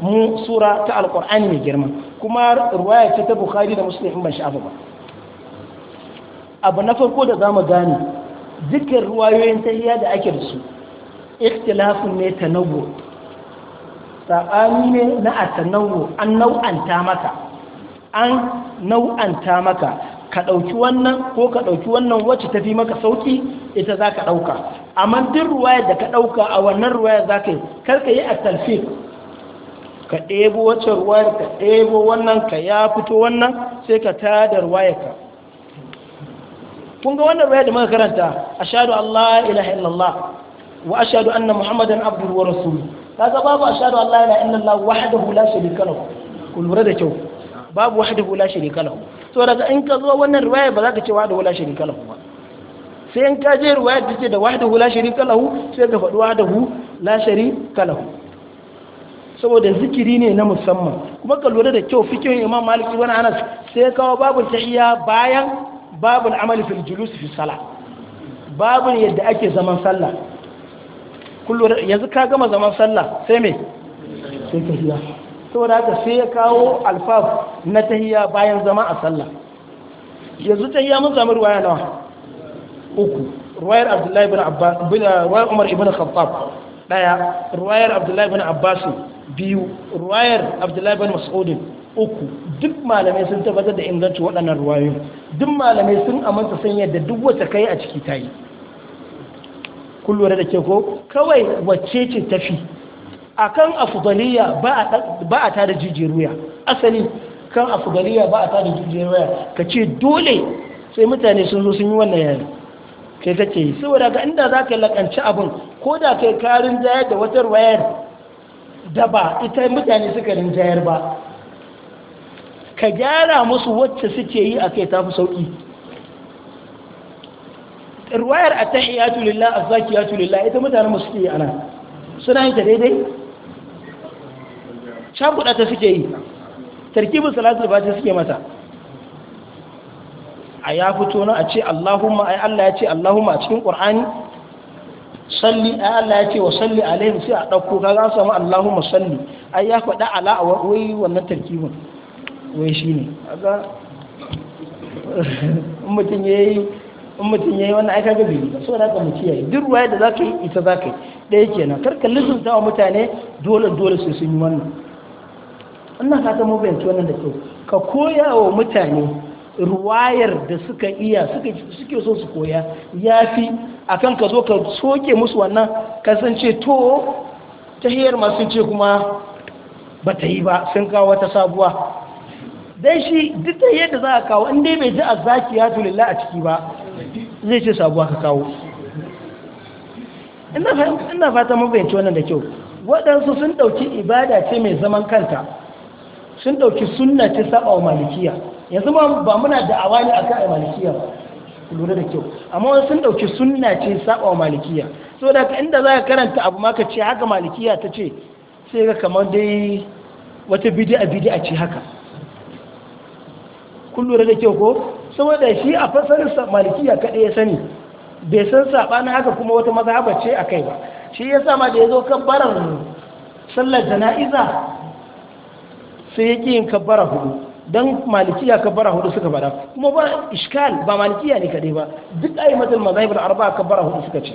mu sura ta alkur'ani mai girma kuma ruwaya ce ta bukhari da muslim ban sha'afa ba abu na farko da za mu gane dukkan ruwayoyin tahiya da ake da su ikhtilafun ne ta saɓani ne na a ta an nau'anta maka an nau'anta maka ka ɗauki wannan ko ka ɗauki wannan wacce ta fi maka sauki ita za ka ɗauka amma duk ruwaya da ka ɗauka a wannan ruwaya za ka yi karka yi a talfi ka ɗebo wacce ruwayar ka ɗebo wannan ka ya fito wannan sai ka tada ruwayar ka kun ga wannan ruwaya da muka karanta ashhadu allah ilaha illallah wa ashhadu anna muhammadan abduhu wa rasuluhu kaga babu ashadu allah ilaha illallah wahdahu la sharika lahu ku lura da kyau babu wahdahu la sharika lahu to daga in ka zo wannan ba za ka ce wahdahu la sharika lahu ba sai in ka je ruwaya ta ce da wahdahu la sharika lahu sai ka faɗi wahdahu la sharika lahu saboda zikiri ne na musamman kuma ka lura da kyau fikihin imam maliki wani anas sai kawo babu tahiyya bayan babu al'amali fil julus fi sala babu yadda ake zaman sallah kullu yanzu ka gama zaman sallah sai me sai tahiyya saboda haka sai ya kawo alfaf na tahiyya bayan zama a sallah yanzu tahiyya mun zama ruwaya nawa uku ruwayar abdullahi ibn abbas ruwayar umar ibn khattab daya ruwayar abdullahi ibn abbas biyu ruwayar abdullahi ibn mas'ud uku duk malamai sun tabbatar da inganci waɗannan ruwayoyin duk malamai sun amince san yadda duk wata kai a ciki tayi kun lura da ke ko kawai wacce ce tafi akan afdaliya ba a tada jijiyar wuya asali kan afdaliya ba a tada jijiyar wuya ka ce dole sai mutane sun zo sun yi wannan yayi kai kake yi saboda ga inda za ka lakanci abin ko da kai karin jayar da wata wayar da ba ita mutane suka jayar ba ka gyara musu wacce suke yi a kai tafi sauƙi ruwayar a iya lillah a zaki ya tulilla ita mutane musu suke yi a nan suna yin ta daidai shafuɗa ta suke yi tarkibin salatul fati suke mata a ya fito na a ce allahumma ai allah ya ce allahumma a cikin ƙur'ani salli ai allah ya ce wa salli alaihim sai a ɗauko ka za samu allahumma salli ai ya faɗa ala a wai wannan tarkibin wai shi ne aga in mutum ya yi wannan aika ga biyu so da mutu kiyaye duk ruwaya da za ka yi ita za ka yi ɗaya kenan karka lissunta wa mutane dole dole su sun yi wannan ka ta mu bayanci wannan da kyau ka koya wa mutane ruwayar da suka iya suke so su koya ya fi a kan ka zo ka soke musu wannan kasance to ta hiyar masu ce kuma ba ta yi ba sun kawo wata sabuwa dan shi duk da yadda za a kawo inda bai ji a zaki ya lillah a ciki ba zai ce sabuwa ka kawo ina fata mabayanci wannan da kyau waɗansu sun ɗauki ibada ce mai zaman kanta sun ɗauki sunna ce saba wa malikiya yanzu ba muna da awani akan a malikiya ba lura da kyau amma wani sun ɗauki sunna ce saba wa malikiya so da inda za ka karanta abu ma ka ce haka malikiya ta ce sai ga kamar dai wata bidi'a bidi'a ce haka kun da kyau ko saboda shi a fasarin malikiya kaɗai ya sani bai san saɓanin haka kuma wata mazhaba ce a kai ba shi ya sama da ya zo kabbarar sallar jana'iza sai ya ƙi yin kabbara hudu don malikiya kabbara hudu suka bada kuma ba iskal ba malikiya ne kaɗai ba duk ayi matan arba'a arba kabbara hudu suka ce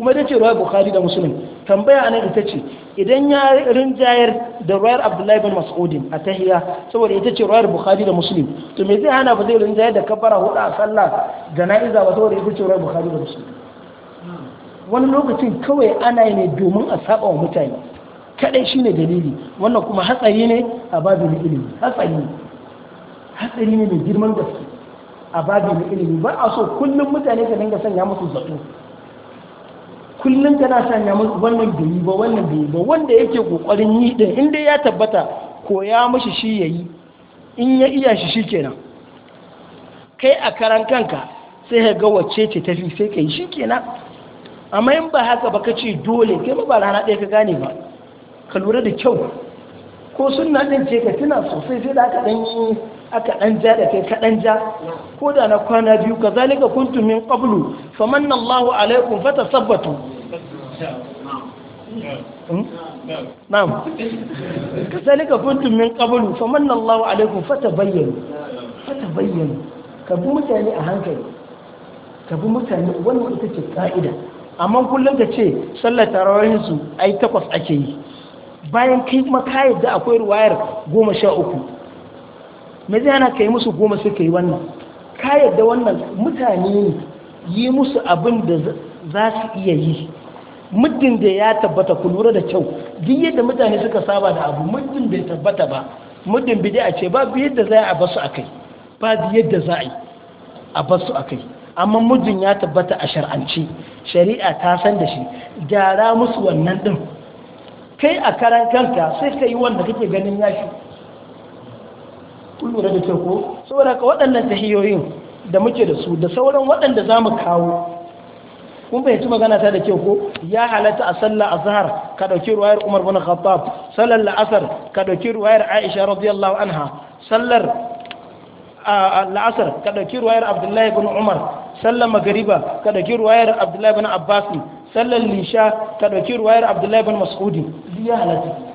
kuma ita ce ruwayar bukhari da musulun tambaya anan ita ce idan ya rinjayar da ruwayar abdullahi bin mas'udin a tahiya saboda ita ce ruwayar bukhari da musulun to me zai hana ba zai rinjayar da kabara hudu a sallah jana'iza ba saboda ita ce ruwayar bukhari da musulun. wani lokacin kawai ana yi ne domin a saba wa mutane kadai shine dalili wannan kuma hatsari ne a babin ilimi hatsari ne hatsari ne mai girman gaske a babin ilimi ba a so kullum mutane ka dinga sanya musu zato kullum tana sanya masu wannan bai ba wannan bai ba wanda yake kokarin yi din inda ya tabbata ko ya mishi shi yayi in ya iya shi shi kenan. kai a karan kanka sai ya ga wacce ce tafi sai kai shikenan amma in ba haka ba ka ce dole kai ba rana ɗaya ka gane ba ka lura da kyau ko sunna din ce ka tuna sosai sai da aka dan aka ɗan ja da kai kaɗan ja ko da na kwana biyu ka zalika kuntum min qablu famanna Allahu alaikum fatasabbatu hmm? na'am ka zalika kuntum min qablu famanna Allahu alaikum fatabayyanu fatabayyanu ka bi mutane a hankali ka bi mutane wannan ita ce ka'ida amma kullum ka ce sallar tarawahin su ai takwas ake yi bayan kai maka da akwai ruwayar goma sha uku me zai ka yi musu goma sai yi wannan ka yadda wannan mutane ne yi musu abin da za su iya yi muddin da ya tabbata ku lura da kyau duk yadda mutane suka saba da abu muddin bai tabbata ba muddin a ce ba bi yadda za a basu akai ba bi yadda za a yi a basu akai amma muddin ya tabbata a shar'ance shari'a ta san da shi gyara musu wannan din kai a karan kanta sai ka yi wanda kake ganin yashi kun lura da kyau ko saboda ka waɗannan tahiyoyin da muke da su da sauran waɗanda za mu kawo kun fahimci magana ta da kyau ko ya halatta a a azhar ka dauki ruwayar Umar bin Khattab sallar la'asar ka dauki ruwayar Aisha radiyallahu anha sallar la'asar ka dauki ruwayar Abdullahi bin Umar sallar magariba ka dauki ruwayar Abdullahi bin Abbas sallar lisha ka dauki ruwayar Abdullahi bin Mas'ud ya halatta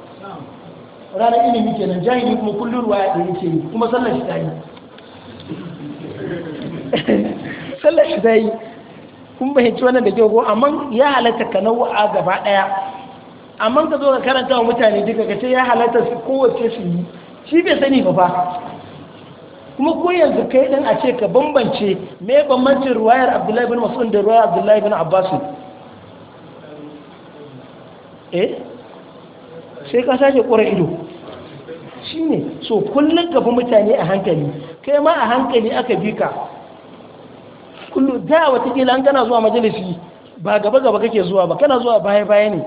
ranar ilimi kenan jahili kuma kullum ruwa ya ɗari ce kuma sallar shi ta yi sallar shi ta yi kun bayanci wannan da kyau ko amma ya halatta ka nau'a gaba ɗaya amma ka zo ka karanta wa mutane duka ka ce ya halatta su kowace su yi shi bai sani ba fa kuma ko yanzu kai ɗin a ce ka bambance me bambancin ruwayar abdullahi bin masu da ruwayar abdullahi bin Abbasu, eh sai ka sake ƙura ido ne so kullum ka bi mutane a hankali kai ma a hankali aka bi ka kullum da watakila an kana zuwa majalisi ba gaba gaba kake zuwa ba kana zuwa baya baya ne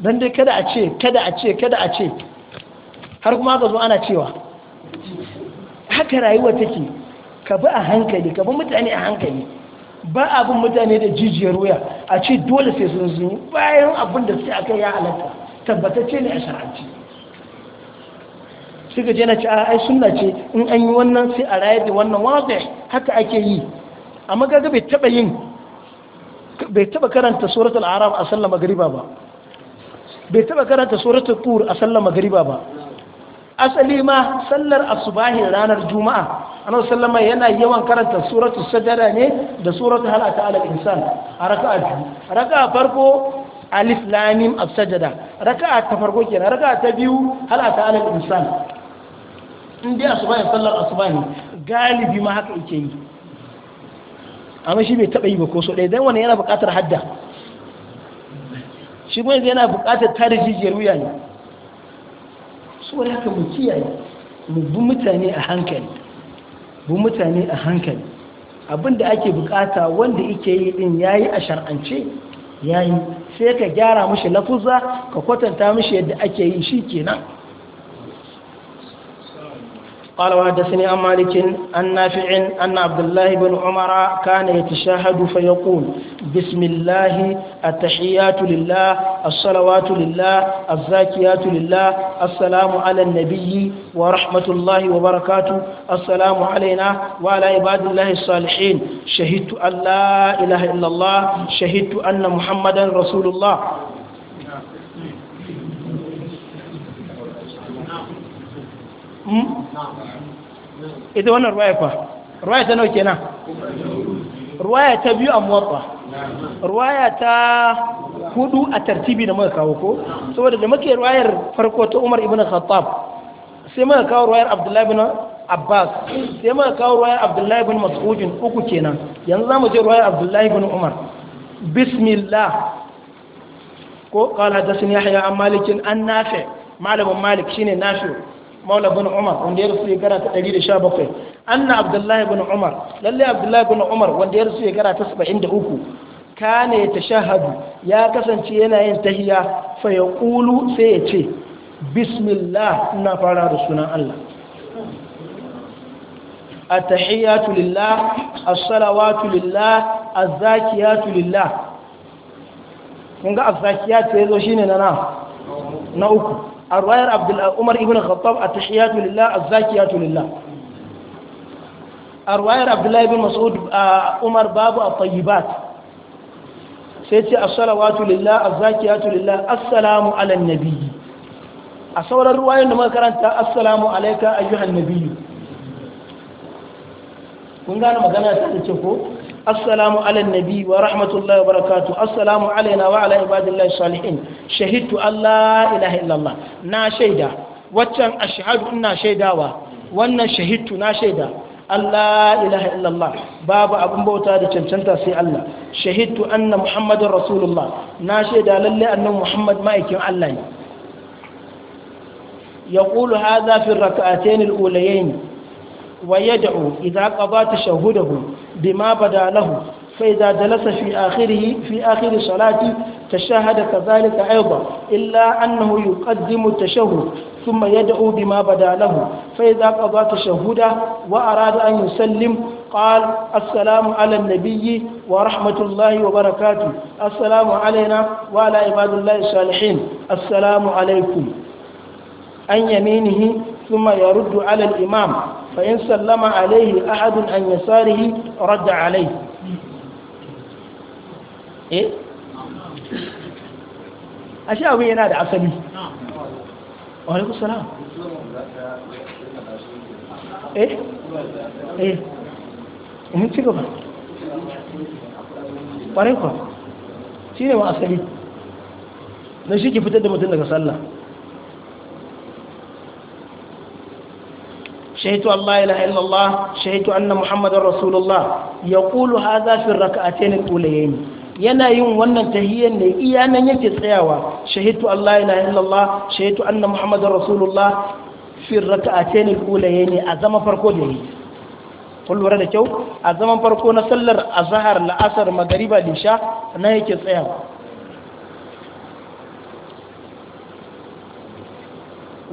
don dai kada a ce kada a ce kada a ce har kuma aka zo ana cewa haka rayuwa take ka bi a hankali ka bi mutane a hankali ba abin mutane da jijiyar wuya a ce dole sai sun sun bayan abin da suke aka ya halatta tabbatacce ne a shar'anci suka je na ci ai sunna ce in an yi wannan sai a rayar da wannan wada haka ake yi amma kaga bai taba yin bai taba karanta suratul araf a sallar magriba ba bai taba karanta suratul tur a sallar magriba ba asali ma sallar asubahin ranar juma'a annabi sallama yana yawan karanta suratul sajada ne da suratul hal ta'ala insan a raka'a raka'a farko alif lamim as-sajada raka'a ta farko kenan raka'a ta biyu hal ta'ala insan in dai asuba ya sallar asuba ne galibi ma haka yake yi amma shi bai taba yi ba ko so ɗaya dan wani yana buƙatar hadda shi kuma yana buƙatar tare jijiyar wuya ne wani haka mu kiyaye mu bi mutane a hankali bi mutane a hankali abin da ake buƙata wanda yake yi din yayi a shar'ance yi. sai ka gyara mashi lafuzza ka kwatanta mishi yadda ake yi shi kenan قال وحدثني عن مالك عن نافع أن عبد الله بن عمر كان يتشهد فيقول بسم الله التحيات لله الصلوات لله الزاكيات لله السلام على النبي ورحمة الله وبركاته السلام علينا وعلى عباد الله الصالحين شهدت أن لا إله إلا الله شهدت أن محمدا رسول الله Hmm? ita wannan ruwaya fa ruwaya ta nauke na ruwaya ta biyu a muwatsa ruwaya ta hudu a tartibi da muka kawo ko saboda da muke ruwayar farko ta umar ibn khattab sai muka kawo ruwayar abdullahi bin abbas sai muka kawo ruwayar abdullahi bin mas'udin uku kenan yanzu za mu je ruwayar abdullahi bin umar bismillah ko qala hadathani yahya an malikin an nafi malamin malik shine nafi maula bin umar wanda ya rasu shekara ta 117 anna abdullahi bin umar lalle abdullahi bin umar wanda ya rasu shekara ta 73 kana ya tashahadu ya kasance yana yin tahiya fa ya kulu sai ya ce bismillah ina fara da sunan Allah at-tahiyatu lillah a salawatu lillah az-zakiyatu lillah kun ga a az-zakiyatu yazo shine na na na uku a ruwayar umar ibn khattab a tashiyatu lillah a zakiyatu lillah a ruwayar abdullahi bin mas'ud umar babu a tayyibat sai ce as-salawatu lillah az-zakiyatu lillah assalamu ala nabiyyi a sauran ruwayoyin da makaranta karanta assalamu alayka kun gane magana ta ce ko السلام على النبي ورحمة الله وبركاته السلام علينا وعلى عباد الله الصالحين شهدت أن لا إله إلا الله نا شيدا واتن أشهد أن شيداوا وأن شهدت نا شيدا أن لا إله إلا الله بابا أبن بوتا دي تمسنتا سي الله شهدت أن محمد رسول الله نا شيدا للي أن محمد ما يكيم الله يقول هذا في الركعتين الأوليين ويدعو إذا قضى تشهده بما بدا له فإذا جلس في آخره في آخر صلاته تشهد كذلك أيضا إلا أنه يقدم التشهد ثم يدعو بما بدا له فإذا قضى تشهده وأراد أن يسلم قال السلام على النبي ورحمة الله وبركاته السلام علينا وعلى عباد الله الصالحين السلام عليكم عن يمينه ثم يرد على الإمام فإن سلم عليه أحد عن يساره رد عليه إيه أشياء وينا دع سبي وعليكم السلام إيه إيه in ci gaba ƙwarai kwa shi ne ma asali don shi ke fitar da mutum daga sallah شهدت أن لا إله إلا الله شهدت أن محمد رسول الله يقول هذا في الركعتين الأوليين yana yin wannan tahiyyar ne iya nan yake tsayawa shahidu Allah ila illallah shahidu anna muhammadar rasulullah fi raka'atayn al-ulayayn a zaman farko da kyau a zaman farko na sallar Azahar, la'asar magariba da isha yake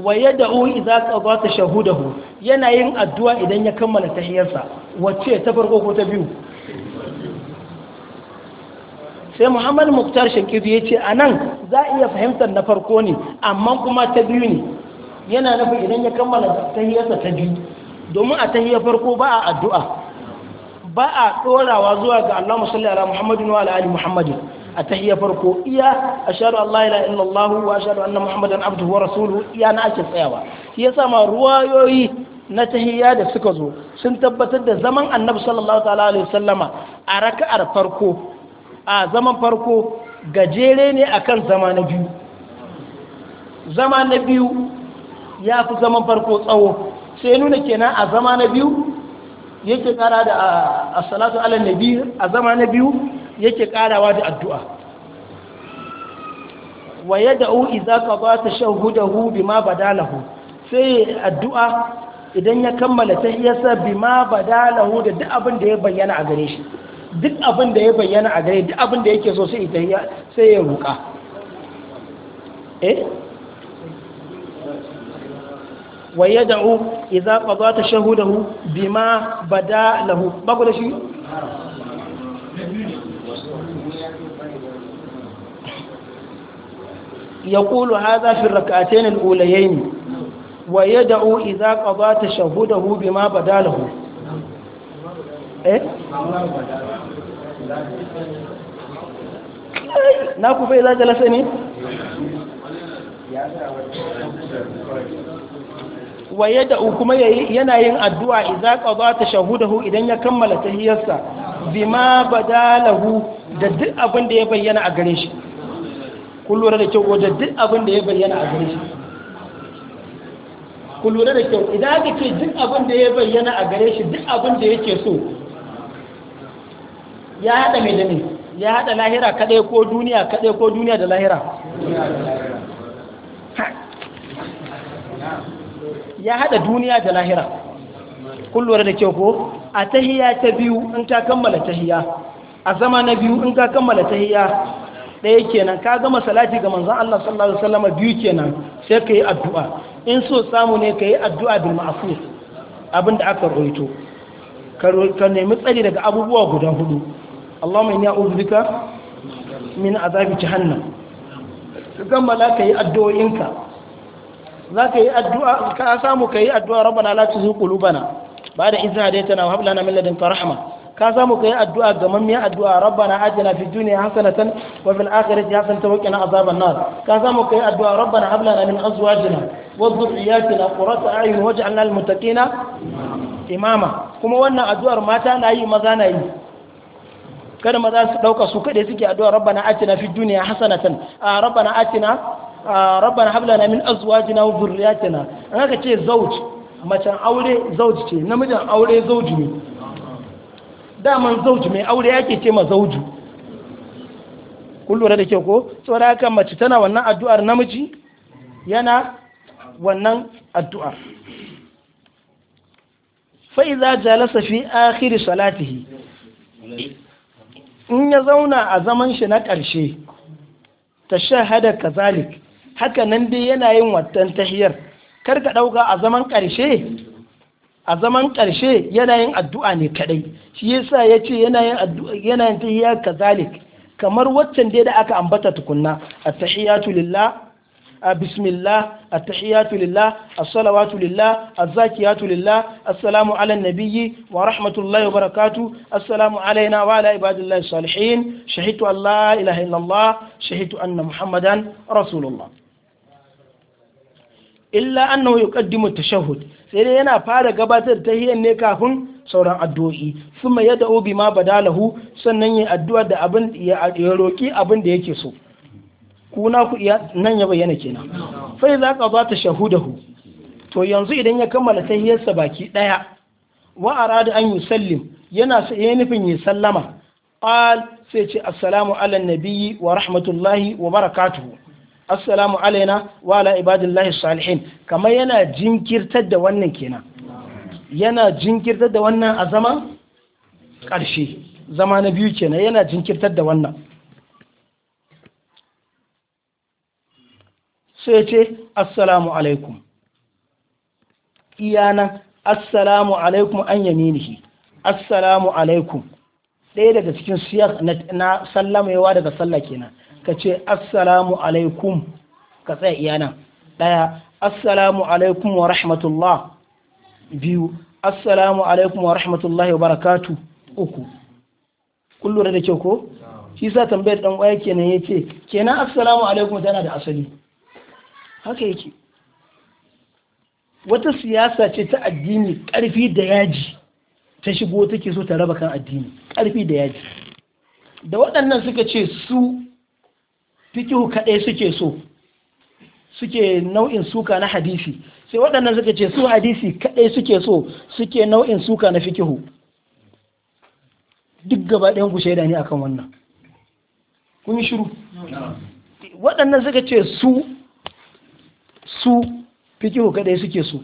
wa yad'u idza qada tashahudahu yana yin addu'a idan ya kammala tahiyarsa wacce ta farko ko ta biyu sai Muhammad Muktar ce yace anan za iya fahimtar na farko ne amma kuma ta biyu ne yana nufin idan ya kammala tahiyarsa ta biyu domin a tahiyar farko ba a addu'a ba a dorawa zuwa ga Allah musalli ala Muhammadin wa ala ali Muhammadin a iya farko iya ashhadu Allah la ilaha illallah wa ashhadu anna muhammadan abduhu wa rasuluhu iya na ake tsayawa shi yasa ma ruwayoyi na tahiyya da suka zo sun tabbatar da zaman annabi sallallahu ta'ala alaihi wasallama a raka'ar farko a zaman farko gajere ne akan zama na biyu zama na biyu ya fi zaman farko tsawo sai nuna kenan a zama na biyu yake kara da a salatu ala nabi a zama na biyu yake karawa da addu'a wa yad'u idza qada tashahhudahu bima badalahu sai addu'a idan ya kammala tahiyyarsa bima badalahu da duk abin da ya bayyana a gare shi duk abin da ya bayyana a gare duk abin da yake so sai tahiyya sai ya ruka eh wa yad'u idza qada tashahudahu bima badalahu bago da shi يقول هذا في الركعتين الأوليين ويدعو إذا قضى تشهده بما بداله إيه؟ ناكو في إذا جلسني؟ waye da kuma yana yin addu'a idan ka zo ta hu idan ya kammala tahiyarsa bima badalahu da duk abin da ya bayyana a gare shi kun lura da kyau wajen duk abin da ya bayyana a gare shi kun lura da kyau idan aka ce duk abin da ya bayyana a gare shi duk abin da yake so ya haɗa mai dane ya haɗa lahira kaɗai ko duniya kaɗai ko duniya da lahira ya haɗa duniya da lahira kun lura da kyau ko a tahiya ta biyu in ta kammala tahiya a zama na biyu in ka kammala tahiya ɗaya kenan ka gama salati ga manzan Allah sallallahu alaihi wasallam biyu kenan sai ka yi addu'a in so samu ne ka yi addu'a bin ma’afu abin da aka roito ka nemi tsari daga abubuwa guda hudu Allahumma inni a'udhu bika min azabi jahannam kammala ka yi addu'o'inka za ka yi addu'a ka samu ka yi addu'a rabana la da qulubana ba'da idh hadaytana wa hab lana min ladunka rahma ka za samu kai addu'a ga mamiya addu'a rabbana atina fi dunya hasanatan wa fil akhirati hasanatan wa qina azaban nar ka samu kai addu'a rabbana hab lana min azwajina wa dhurriyyatina qurrata a'yun waj'alna lil muttaqina imama kuma wannan addu'ar mata na yi maza na yi kada maza su dauka su kade suke addu'a rabbana atina fid dunya hasanatan a rabbana atina rabbana hab lana min azwajina wa dhurriyyatina an ka ce zauj macen aure zauj ce namijin aure zauji ne daman zauji mai aure yake ce ma zauju kun da ke ko saboda haka mace tana wannan addu'ar namiji yana wannan addu'ar fa'iza jalasa fi akhiri salatihi in ya zauna a zaman shi na ƙarshe ta shahada kazalik haka nan dai yana yin watan tahiyar ka ɗauka a zaman ƙarshe a zaman ƙarshe yanayin addu'a ne kadai shi yasa ya ce yana yin tahiyya kazalik kamar waccan dai da aka ambata tukunna at-tahiyatu lillah a bismillah at-tahiyatu lillah as-salawatu lillah az lillah assalamu ala nabiyyi wa rahmatullahi wa barakatuh assalamu alaina wa ala ibadillahi salihin shahitu allah la ilaha illallah shahidu anna muhammadan rasulullah illa annahu yuqaddimu at-tashahhud sai dai yana fara gabatar ta hiyar ne kafin sauran addu'o'i sun mai yadda obi ma badalahu sannan yi addu'a da abin ya roƙi abin da yake so kuna ku iya nan ya bayyana kenan fai za ka ba ta shahudahu to yanzu idan ya kammala ta hiyarsa baki ɗaya wa arada an yi sallim yana ya nufin yi sallama qal sai ce assalamu ala nabiyyi wa rahmatullahi wa barakatuhu assalamu alaina wa ala ibadillahi salihin kamar yana jinkirtar da wannan kenan yana jinkirtar da wannan a zama ƙarshe zama na biyu kenan yana jinkirtar da wannan sai ce assalamu alaikum iyana assalamu alaikum an yaminihi assalamu alaikum ɗaya daga cikin siyar na sallamewa daga sallah kenan ka ce assalamu alaikum ka tsaya iya ɗaya assalamu alaikum wa rahmatullah biyu assalamu alaikum wa rahmatullahi wa barakatu uku kullum da kyau ko shi sa tambayar dan waya kenan ya ce kenan assalamu alaikum tana da asali haka yake wata siyasa ce ta addini karfi da yaji ta shigo take so ta raba kan addini karfi da yaji da waɗannan suka ce su fikihu kaɗai suke so suke nau'in suka na hadisi sai waɗannan suka ce su hadisi kaɗai suke so suke nau'in suka na fikihu duk gaba ɗayan ku shaida ne akan wannan kun yi shiru waɗannan suka ce su su fikihu kaɗai suke so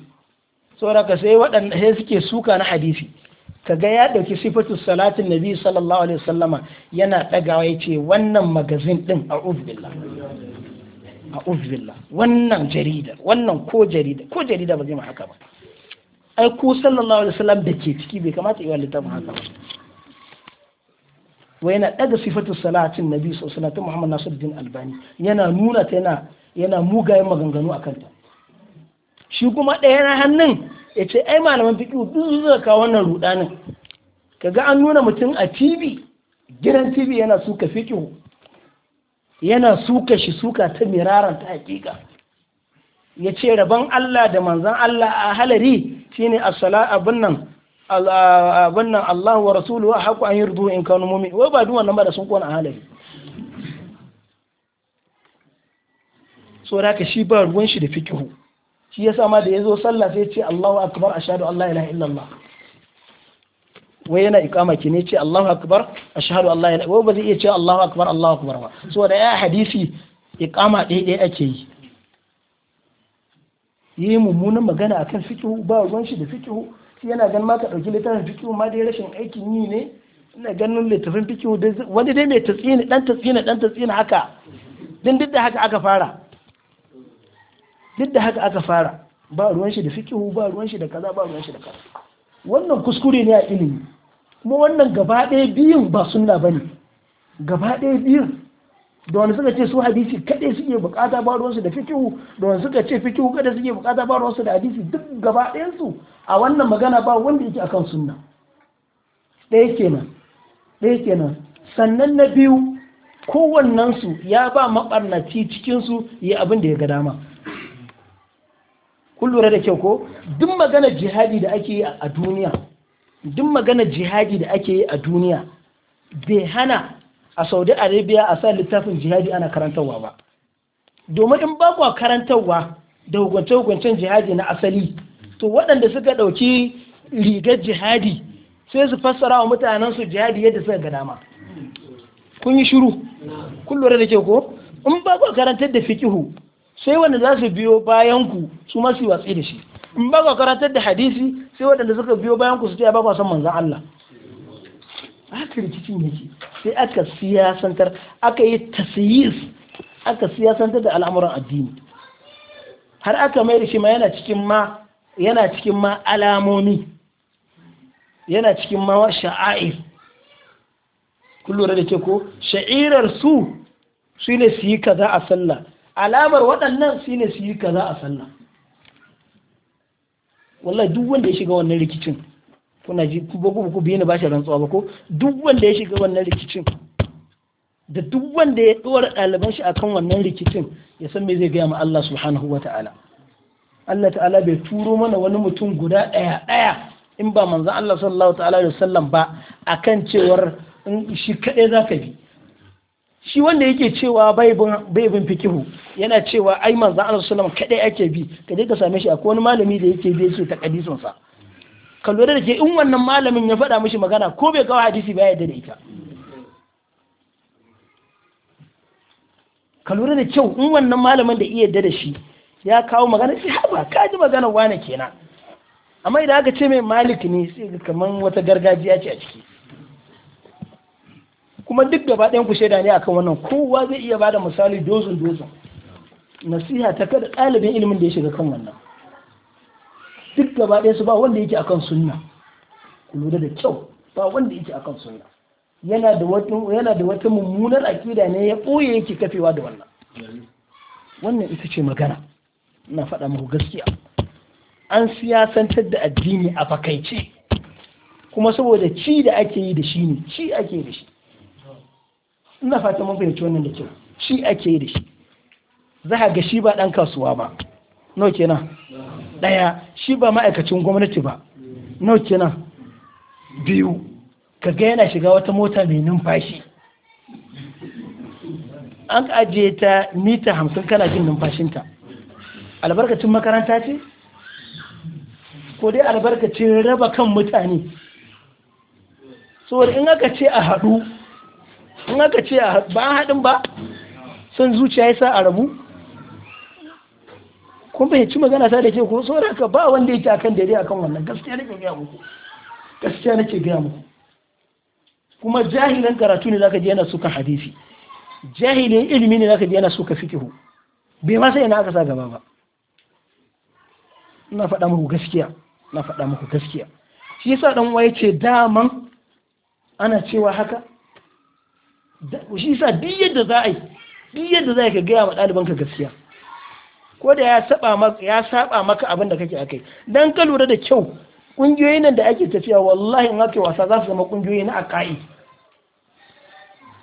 saboda ka sai waɗanda sai suke suka na hadisi kaga ya ɗauki sifatu salatin nabi sallallahu alaihi wasallama yana dagawa yace wannan magazin din a uzbillah a uzbillah wannan jarida wannan ko jarida ko jarida ba zai haka ba ai ku sallallahu alaihi wasallam da ke ciki bai kamata yi wa littafin haka ba wa yana daga sifatu salatin nabi sallallahu alaihi wasallam muhammad nasiruddin albani yana nuna ta yana yana mugayen maganganu a kanta shi kuma ɗaya na hannun ya ce ai malaman fiƙi duk zuwa kawo wannan rudanin kaga an nuna mutum a tv gidan tv yana suka fiƙi yana suka shi suka ta miraran ta hakika ya ce rabon allah da manzan allah a halari shine a abin nan abin nan allah wa rasulu wa an yi rudu in kanu mumi wai ba duwan nan ba da sun kona a halari so da ka shi ba ruwan shi da fikihu shi ya sama da zo sallah sai ce Allahu akbar ashhadu an la ilaha illallah wai yana ikama ki ne ce Allahu akbar ashhadu an la ilaha wai ba zai iya ce Allahu akbar Allahu akbar ba so da ya hadisi ikama ɗaya ake yi yi mummunan magana akan fiqhu ba ruwan shi da fiqhu yana gan ma ka ɗauki littafin fiqhu ma dai rashin aikin yi ne ina ganin littafin fiqhu wani dai mai tatsini dan tatsini dan tatsini haka din duk da haka aka fara duk da haka aka fara ba ruwan shi da fikihu ba ruwan shi da kaza ba ruwan shi da kaza wannan kuskure ne a ilimi kuma wannan gaba ɗaya biyun ba sunna bane gaba ɗaya biyun da wani suka ce su hadisi kaɗai suke bukata ba ruwan su da fikihu da wani suka ce fikihu kaɗai suke bukata ba ruwan su da hadisi duk gaba su a wannan magana ba wanda yake akan sunna ɗaya kenan ɗaya kenan sannan na biyu kowannensu ya ba maɓarnaci cikinsu yi abin da ya ga dama kun da kyau ko duk magana jihadi da ake yi a duniya duk magana jihadi da ake yi a duniya bai hana a saudi arabia a sa littafin jihadi ana karantarwa ba domin in ba kwa karantarwa da hukunce-hukuncen jihadi na asali to waɗanda suka ɗauki rigar jihadi sai su fassara wa mutanen su jihadi yadda suka ga dama kun yi shiru kun lura da kyau ko in ba kwa karantar da fikihu sai wanda za su biyo bayanku ku su ma su watsi da shi in ba ka karatar da hadisi sai waɗanda suka biyo bayan ku su ce ba ku san manzan Allah haka rikicin yake sai aka siyasantar aka yi tasiyis aka siyasantar da al'amuran addini har aka mai da shi ma yana cikin ma yana cikin ma alamomi yana cikin ma sha'air kun da ke ko sha'irar su su ne su yi kaza a sallah alamar waɗannan ne su yi kaza a sallah wallahi duk wanda ya shiga wannan rikicin kuna ji ku ku ku biye ni bashi rantsuwa ba ko duk wanda ya shiga wannan rikicin da duk wanda ya dora ɗaliban shi akan wannan rikicin ya san me zai gaya ma Allah subhanahu wa ta'ala Allah ta'ala bai turo mana wani mutum guda ɗaya ɗaya in ba manzon Allah sallallahu ta'ala da sallam ba akan cewar in shi kaɗai za ka bi shi wanda yake cewa bai bin fikihu yana cewa ai manzo Allah sallallahu kadai ake bi kaje ka same shi akwai wani malami da yake bi su ta kadisin sa ka lura da ke in wannan malamin ya faɗa mishi magana ko bai kawo hadisi ba ya da ita ka lura da kyau in wannan malamin da iya da shi ya kawo magana sai haba ka ji magana wane kenan amma idan aka ce mai malik ne sai kaman wata gargajiya ce a ciki kuma duk gaba ɗayan ku shaida ne akan wannan kowa zai iya bada misali dozin dozin nasiha ta kada ɗalibin ilimin da ya shiga kan wannan duk gaba ɗaya su ba wanda yake akan sunna ku lura da kyau ba wanda yake akan sunna yana da wata yana da wata mummunar akida ne ya ɓoye yake kafewa da wannan wannan ita ce magana ina faɗa muku gaskiya an siyasantar da addini a fakaice kuma saboda ci da ake yi da shi ne ci ake yi da shi ina fata mun fahimci wannan da kyau shi ake yi da shi za ga shi ba ɗan kasuwa ba nawa kenan ɗaya shi ba ma'aikacin gwamnati ba nawa kenan biyu ka ga yana shiga wata mota mai numfashi an ajiye ta mita hamsin kana jin numfashinta albarkacin makaranta ce ko dai albarkacin raba kan mutane saboda in aka ce a haɗu in aka ce ba haɗin ba son zuciya ya sa a rabu kun fahimci magana ta da ke ko saboda ka ba wanda yake akan dare akan wannan gaskiya nake gaya muku gaskiya nake gaya muku kuma jahilan karatu ne zaka ji yana suka hadisi jahilin ilimi ne zaka ji yana suka fikihu bai ma sai yana aka sa gaba ba na faɗa muku gaskiya na faɗa muku gaskiya shi yasa dan waye ce daman ana cewa haka shi sa duk yadda za a yi duk yadda za ka gaya wa ɗalibanka gaskiya ko da ya saba maka ya saba maka abin da kake akai dan ka lura da kyau kungiyoyin nan da ake tafiya wallahi in ake wasa za su zama kungiyoyi na akai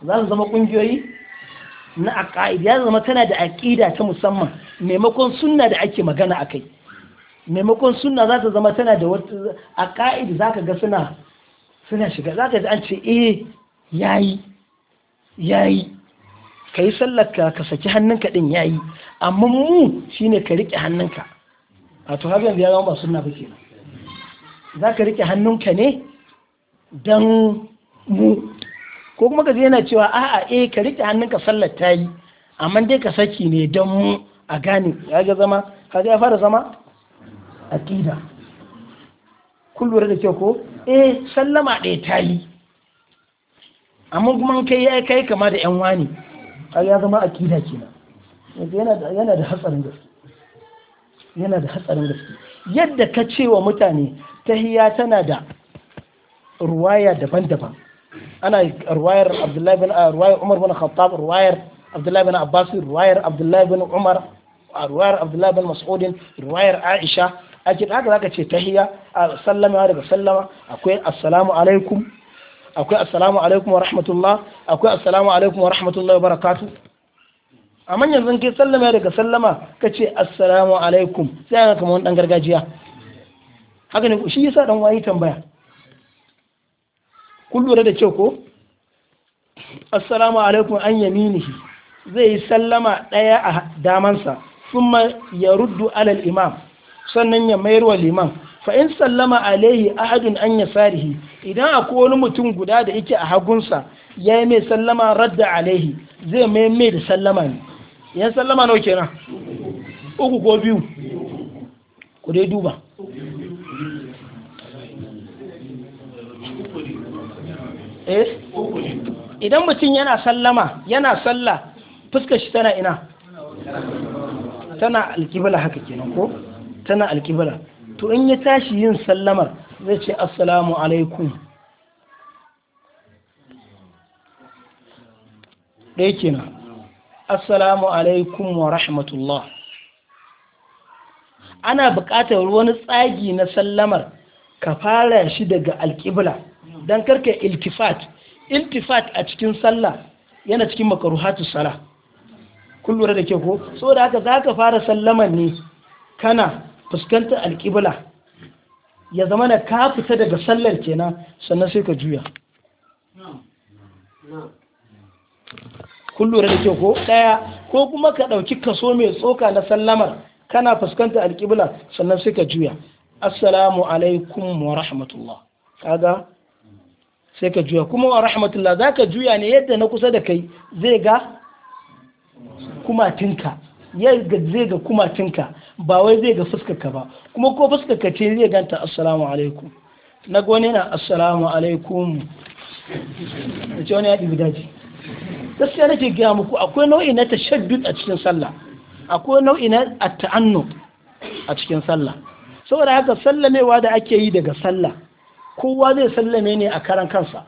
za su zama kungiyoyi na akai ya zama tana da aqida ta musamman maimakon sunna da ake magana akai maimakon sunna za ta zama tana da wata aqaid zaka ga suna suna shiga zaka ji an ce eh yayi yayi ka yi sallarka ka saki hannunka din yayi amma mu shine ka riƙe hannunka a to haka ya zama suna sunna ba za ka riƙe hannunka ne don mu ko kuma ka yana cewa a'a e ka riƙe hannunka sallar ta yi amma dai ka saki ne don mu a gane ga zama ka ya fara zama a kun lura da kyau ko eh sallama ɗaya ta yi amma kuma kai ya kai kama da yan wani har ya zama akida kenan yana da hatsarin gaske yana da hatsarin gaske yadda ka ce wa mutane tahiya tana da ruwaya daban-daban ana ruwayar abdullahi bin ruwayar umar bin khattab ruwayar abdullahi bin abbas ruwayar abdullahi bin umar ruwayar abdullahi bin mas'udin ruwayar aisha a cikin haka zaka ce tahiya sallama daga sallama akwai assalamu alaikum akwai assalamu alaikum wa rahmatullah akwai assalamu alaikum wa rahmatullah wa barakatu amma yanzu ke sallama daga sallama ka ce assalamu alaikum sai aka kama wani dan gargajiya haka ne shi yasa dan wayi tambaya kun lura da kyau ko assalamu alaikum an yaminihi zai yi sallama ɗaya a damansa summa ya ruddu alal imam sannan ya mayar wa liman Fa'in sallama alaihi ahadun an sarihi, idan akwai wani mutum guda da yake a hagunsa ya yi mai sallama radda alaihi zai mai mai da sallama ne yan sallama nawa kenan uku ko biyu ku dai duba eh? idan mutum yana sallama yana salla fuskar shi tana ina tana alkibla haka kenan ko tana alkibla to in ya tashi yin sallamar zai ce assalamu alaikum ɗaya assalamu alaikum wa rahmatullah ana buƙatar wani tsagi na sallamar ka fara shi daga alƙibla don karka iltifat iltifat a cikin sallah yana cikin makaruhatu sala kun Kullum da ke ko saboda haka za ka fara sallamar ne kana fuskantar alƙibla ya zama na ka fita daga sallar kenan sannan sai ka juya kun da kyau ko ɗaya ko kuma ka ɗauki kaso mai tsoka na sallamar kana fuskantar alƙibla sannan sai ka juya assalamu alaikum wa rahmatullah kaga sai ka juya kuma wa rahmatullah za ka juya ne yadda na kusa da kai zai ga kumatinka zai ga kumatinka ba wai zai ga fuskarka ba kuma ko fuskarka ce zai ganta assalamu alaikum na goni na assalamu alaikum da ce wani ya ɗibi daji gaskiya nake gaya muku akwai nau'i na tashaddud a cikin sallah akwai nau'i na ta'annu a cikin sallah saboda haka sallamewa da ake yi daga sallah kowa zai sallame ne a karan kansa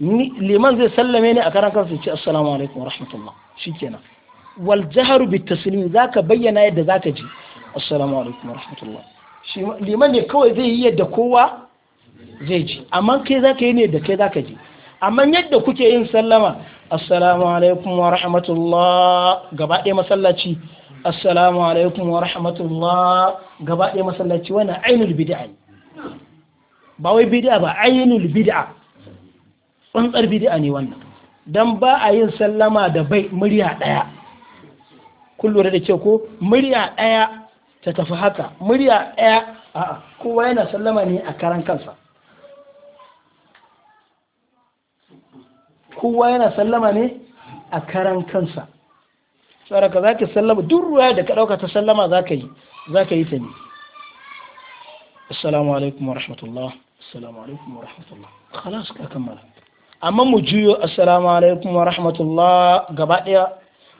liman zai sallame ne a karan kansa ya ce assalamu alaikum wa rahmatullah shikenan wal jaharu bit taslim zaka bayyana yadda zaka ji assalamu alaikum warahmatullah shi liman ne kawai zai yi yadda kowa zai ji amma kai zaka yi ne da kai zaka ji amma yadda kuke yin sallama assalamu alaikum wa gaba ɗaya masallaci assalamu alaikum wa gaba ɗaya masallaci wani ainul bid'a ne ba wai bid'a ba ainul bid'a tsantsar bid'a ne wannan dan ba a yin sallama da bai murya ɗaya kun lura da kyau ko murya ɗaya ta tafi haka murya ɗaya a'a kowa yana sallama ne a karan kansa kowa yana sallama ne a karan kansa tsaraka za ka sallama duk ruwa da ka ɗauka ta sallama za ka yi za ka yi ta ne assalamu alaikum wa rahmatullah assalamu alaikum wa rahmatullah khalas ka kammala amma mu juyo assalamu alaikum wa rahmatullah gaba ɗaya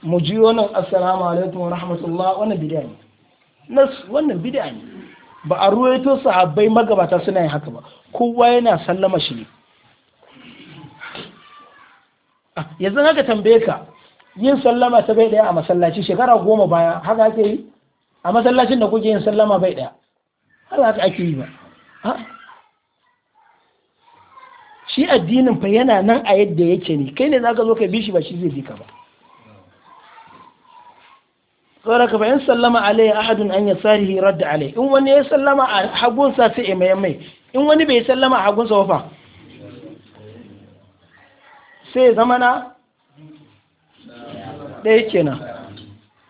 mu ji wannan assalamu alaikum wa rahmatullah wannan bid'a ne nas wannan bid'a ne ba a ruwaito sahabbai magabata suna yin haka ba kowa yana sallama shi ne ah, yanzu haka tambaye ka yin sallama ta bai daya a masallaci shekara goma baya haka ake yi a masallacin da kuke yin sallama bai daya haka haka ake yi ba shi addinin fa yana nan a yadda yake ne kai ne zaka zo ka bi shi ba shi zai bi ka ba saboda ka fa'in sallama a alai ahadun an yasarihi radda alai in wani ya sallama a hagunsa sai ya mayan mai in wani bai sallama a hagunsa wafa sai zama na ɗaya kenan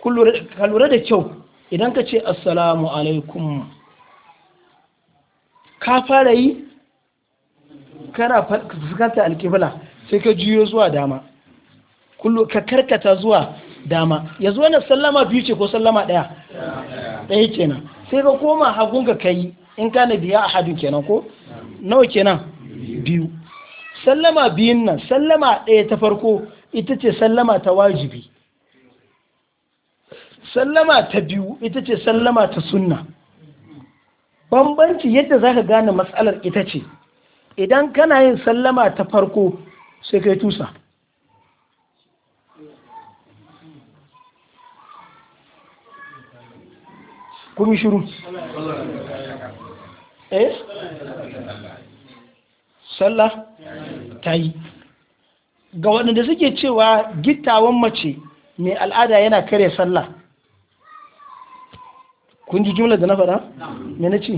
ka lura da kyau idan ka ce assalamu alaikum ka fara yi kana fuskanta alkibla sai ka juyo zuwa dama ka karkata zuwa dama yanzu wannan sallama biyu ce ko sallama ɗaya ɗaya kenan sai ka koma hagun ka kai in ka na biya a hadin kenan ko nawa kenan biyu sallama biyun nan sallama ɗaya ta farko ita ce sallama ta wajibi sallama ta biyu ita ce sallama ta sunna bambanci yadda za ka gane matsalar ita ce idan kana yin sallama ta farko sai kai tusa kun yi shiru eh sallah ta yi ga waɗanda suke cewa gittawan mace mai al'ada yana kare sallah kun ji jimla da na faɗa? me na ce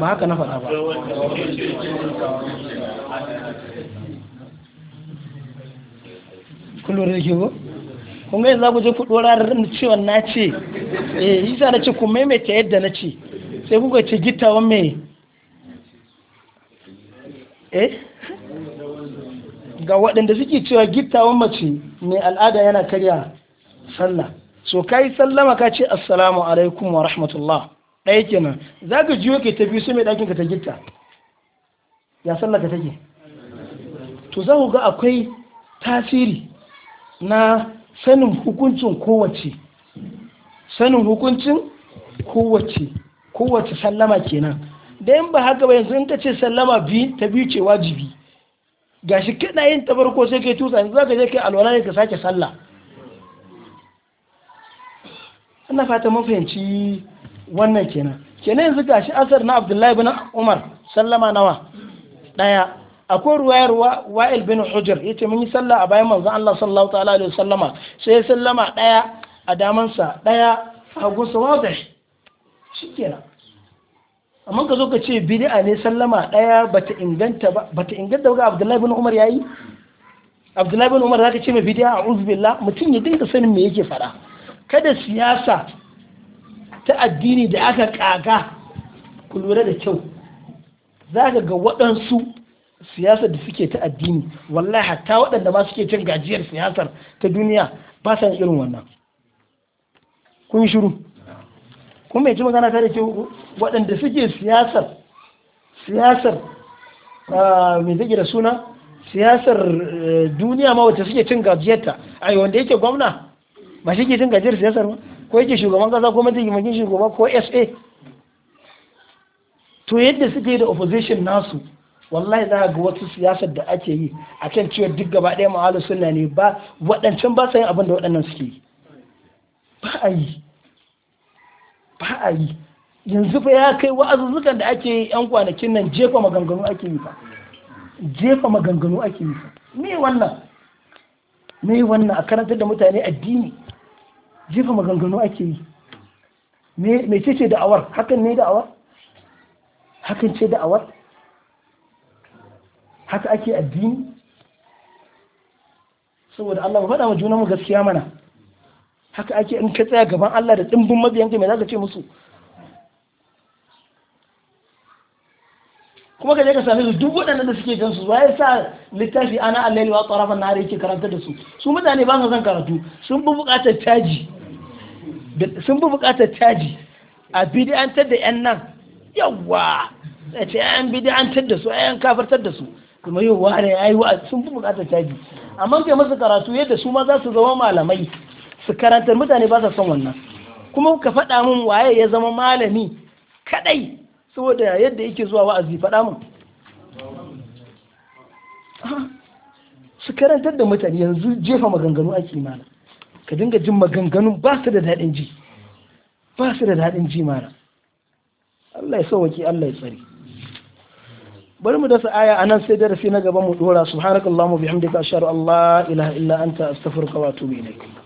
ba haka na faɗa ba kullum da ke ba? kun ga za ku je ku ɗora da cewa na ce eh isa na ce ku maimaita yadda na ce sai kuka ce wa mai eh ga waɗanda suke cewa wa mace mai al'ada yana karya sallah so kai sallama ka ce assalamu alaikum wa rahmatullah ɗaya kenan za ka jiyo ke tafi su mai ɗakin ka ta gita, ya sallah ka take to za ku ga akwai tasiri na sanin hukuncin kowace sanin hukuncin kowace kowace sallama kenan da yin ba haka ba yanzu in ka ce sallama biyu ta biyu ce wajibi gashi kana yin ta farko sai kai tusa yanzu zaka je kai alwala ne ka sake sallah ina fata mun fahimci wannan kenan kenan yanzu gashi asar na Abdullahi bin Umar sallama nawa daya akwai ruwayar wa'il bin hujjar ya ce mun yi sallah a bayan manzan Allah sallallahu ta'ala alaihi sai sallama ɗaya a damansa ɗaya hagunsa wata shi kenan amma ka zo ka ce bid'a ne sallama ɗaya bata inganta ba bata inganta ga Abdullahi bin Umar yayi Abdullahi bin Umar zaka ce mai bid'a a'udhu billah mutum ya dinka sanin me yake fara kada siyasa ta addini da aka kaga ku lura da kyau zaka ga waɗansu siyasa da suke ta addini wallahi hatta waɗanda ma suke cin gajiyar siyasar ta duniya ba san irin wannan kun shiru kun bai ci magana ta da ke waɗanda suke siyasar siyasar ah, mai zage da suna siyasar eh, duniya ma wata suke cin gajiyarta a yi wanda yake gwamna ba shi ke cin gajiyar siyasar ba ko yake shugaban kasa ko mataimakin shugaba ko sa to yadda suke da opposition nasu wallahi za ga wasu siyasar da ake yi a kan cewa duk gaba ɗaya ma'alu suna ne ba waɗancan ba sa yin abin da waɗannan suke yi ba a yi ba a yi yanzu fa ya kai wa'azuzzukan da ake yi yan kwanakin nan jefa maganganu ake yi fa jefa maganganu ake yi fa me wannan me wannan a karantar da mutane addini jefa maganganu ake yi me ce ce da'awar hakan ne da'awar hakan ce da'awar haka ake addini saboda Allah mu faɗa wa junanmu gaskiya mana haka ake in ka tsaya gaban Allah da dimbin mabiyanka me zaka ce musu kuma ka je ka same su duk waɗanda da suke su ba ya sa littafi ana allaili wa tsarafan na yake karanta da su su mutane ba zan son karatu sun bi buƙatar caji sun bi buƙatar caji a bid'antar da yan nan yawa a ce an bid'antar da su yan kafartar da su kuma yau ware yayi wa sun bi buƙatar caji amma ke masu karatu yadda su ma za su zama malamai su karantar mutane ba sa son wannan kuma ka faɗa min waye ya zama malami kadai saboda yadda yake zuwa wa'azi faɗa mun su karantar da mutane yanzu jefa maganganu a mana ka dinga jin maganganun ba su da daɗin ji ba su da daɗin ji mana Allah ya sauwaki Allah ya tsari bari mu dasa aya a nan sai darasi na gaba mu dora subhanakallahumma bihamdika ashhadu an la ilaha illa anta astaghfiruka wa atubu ilaik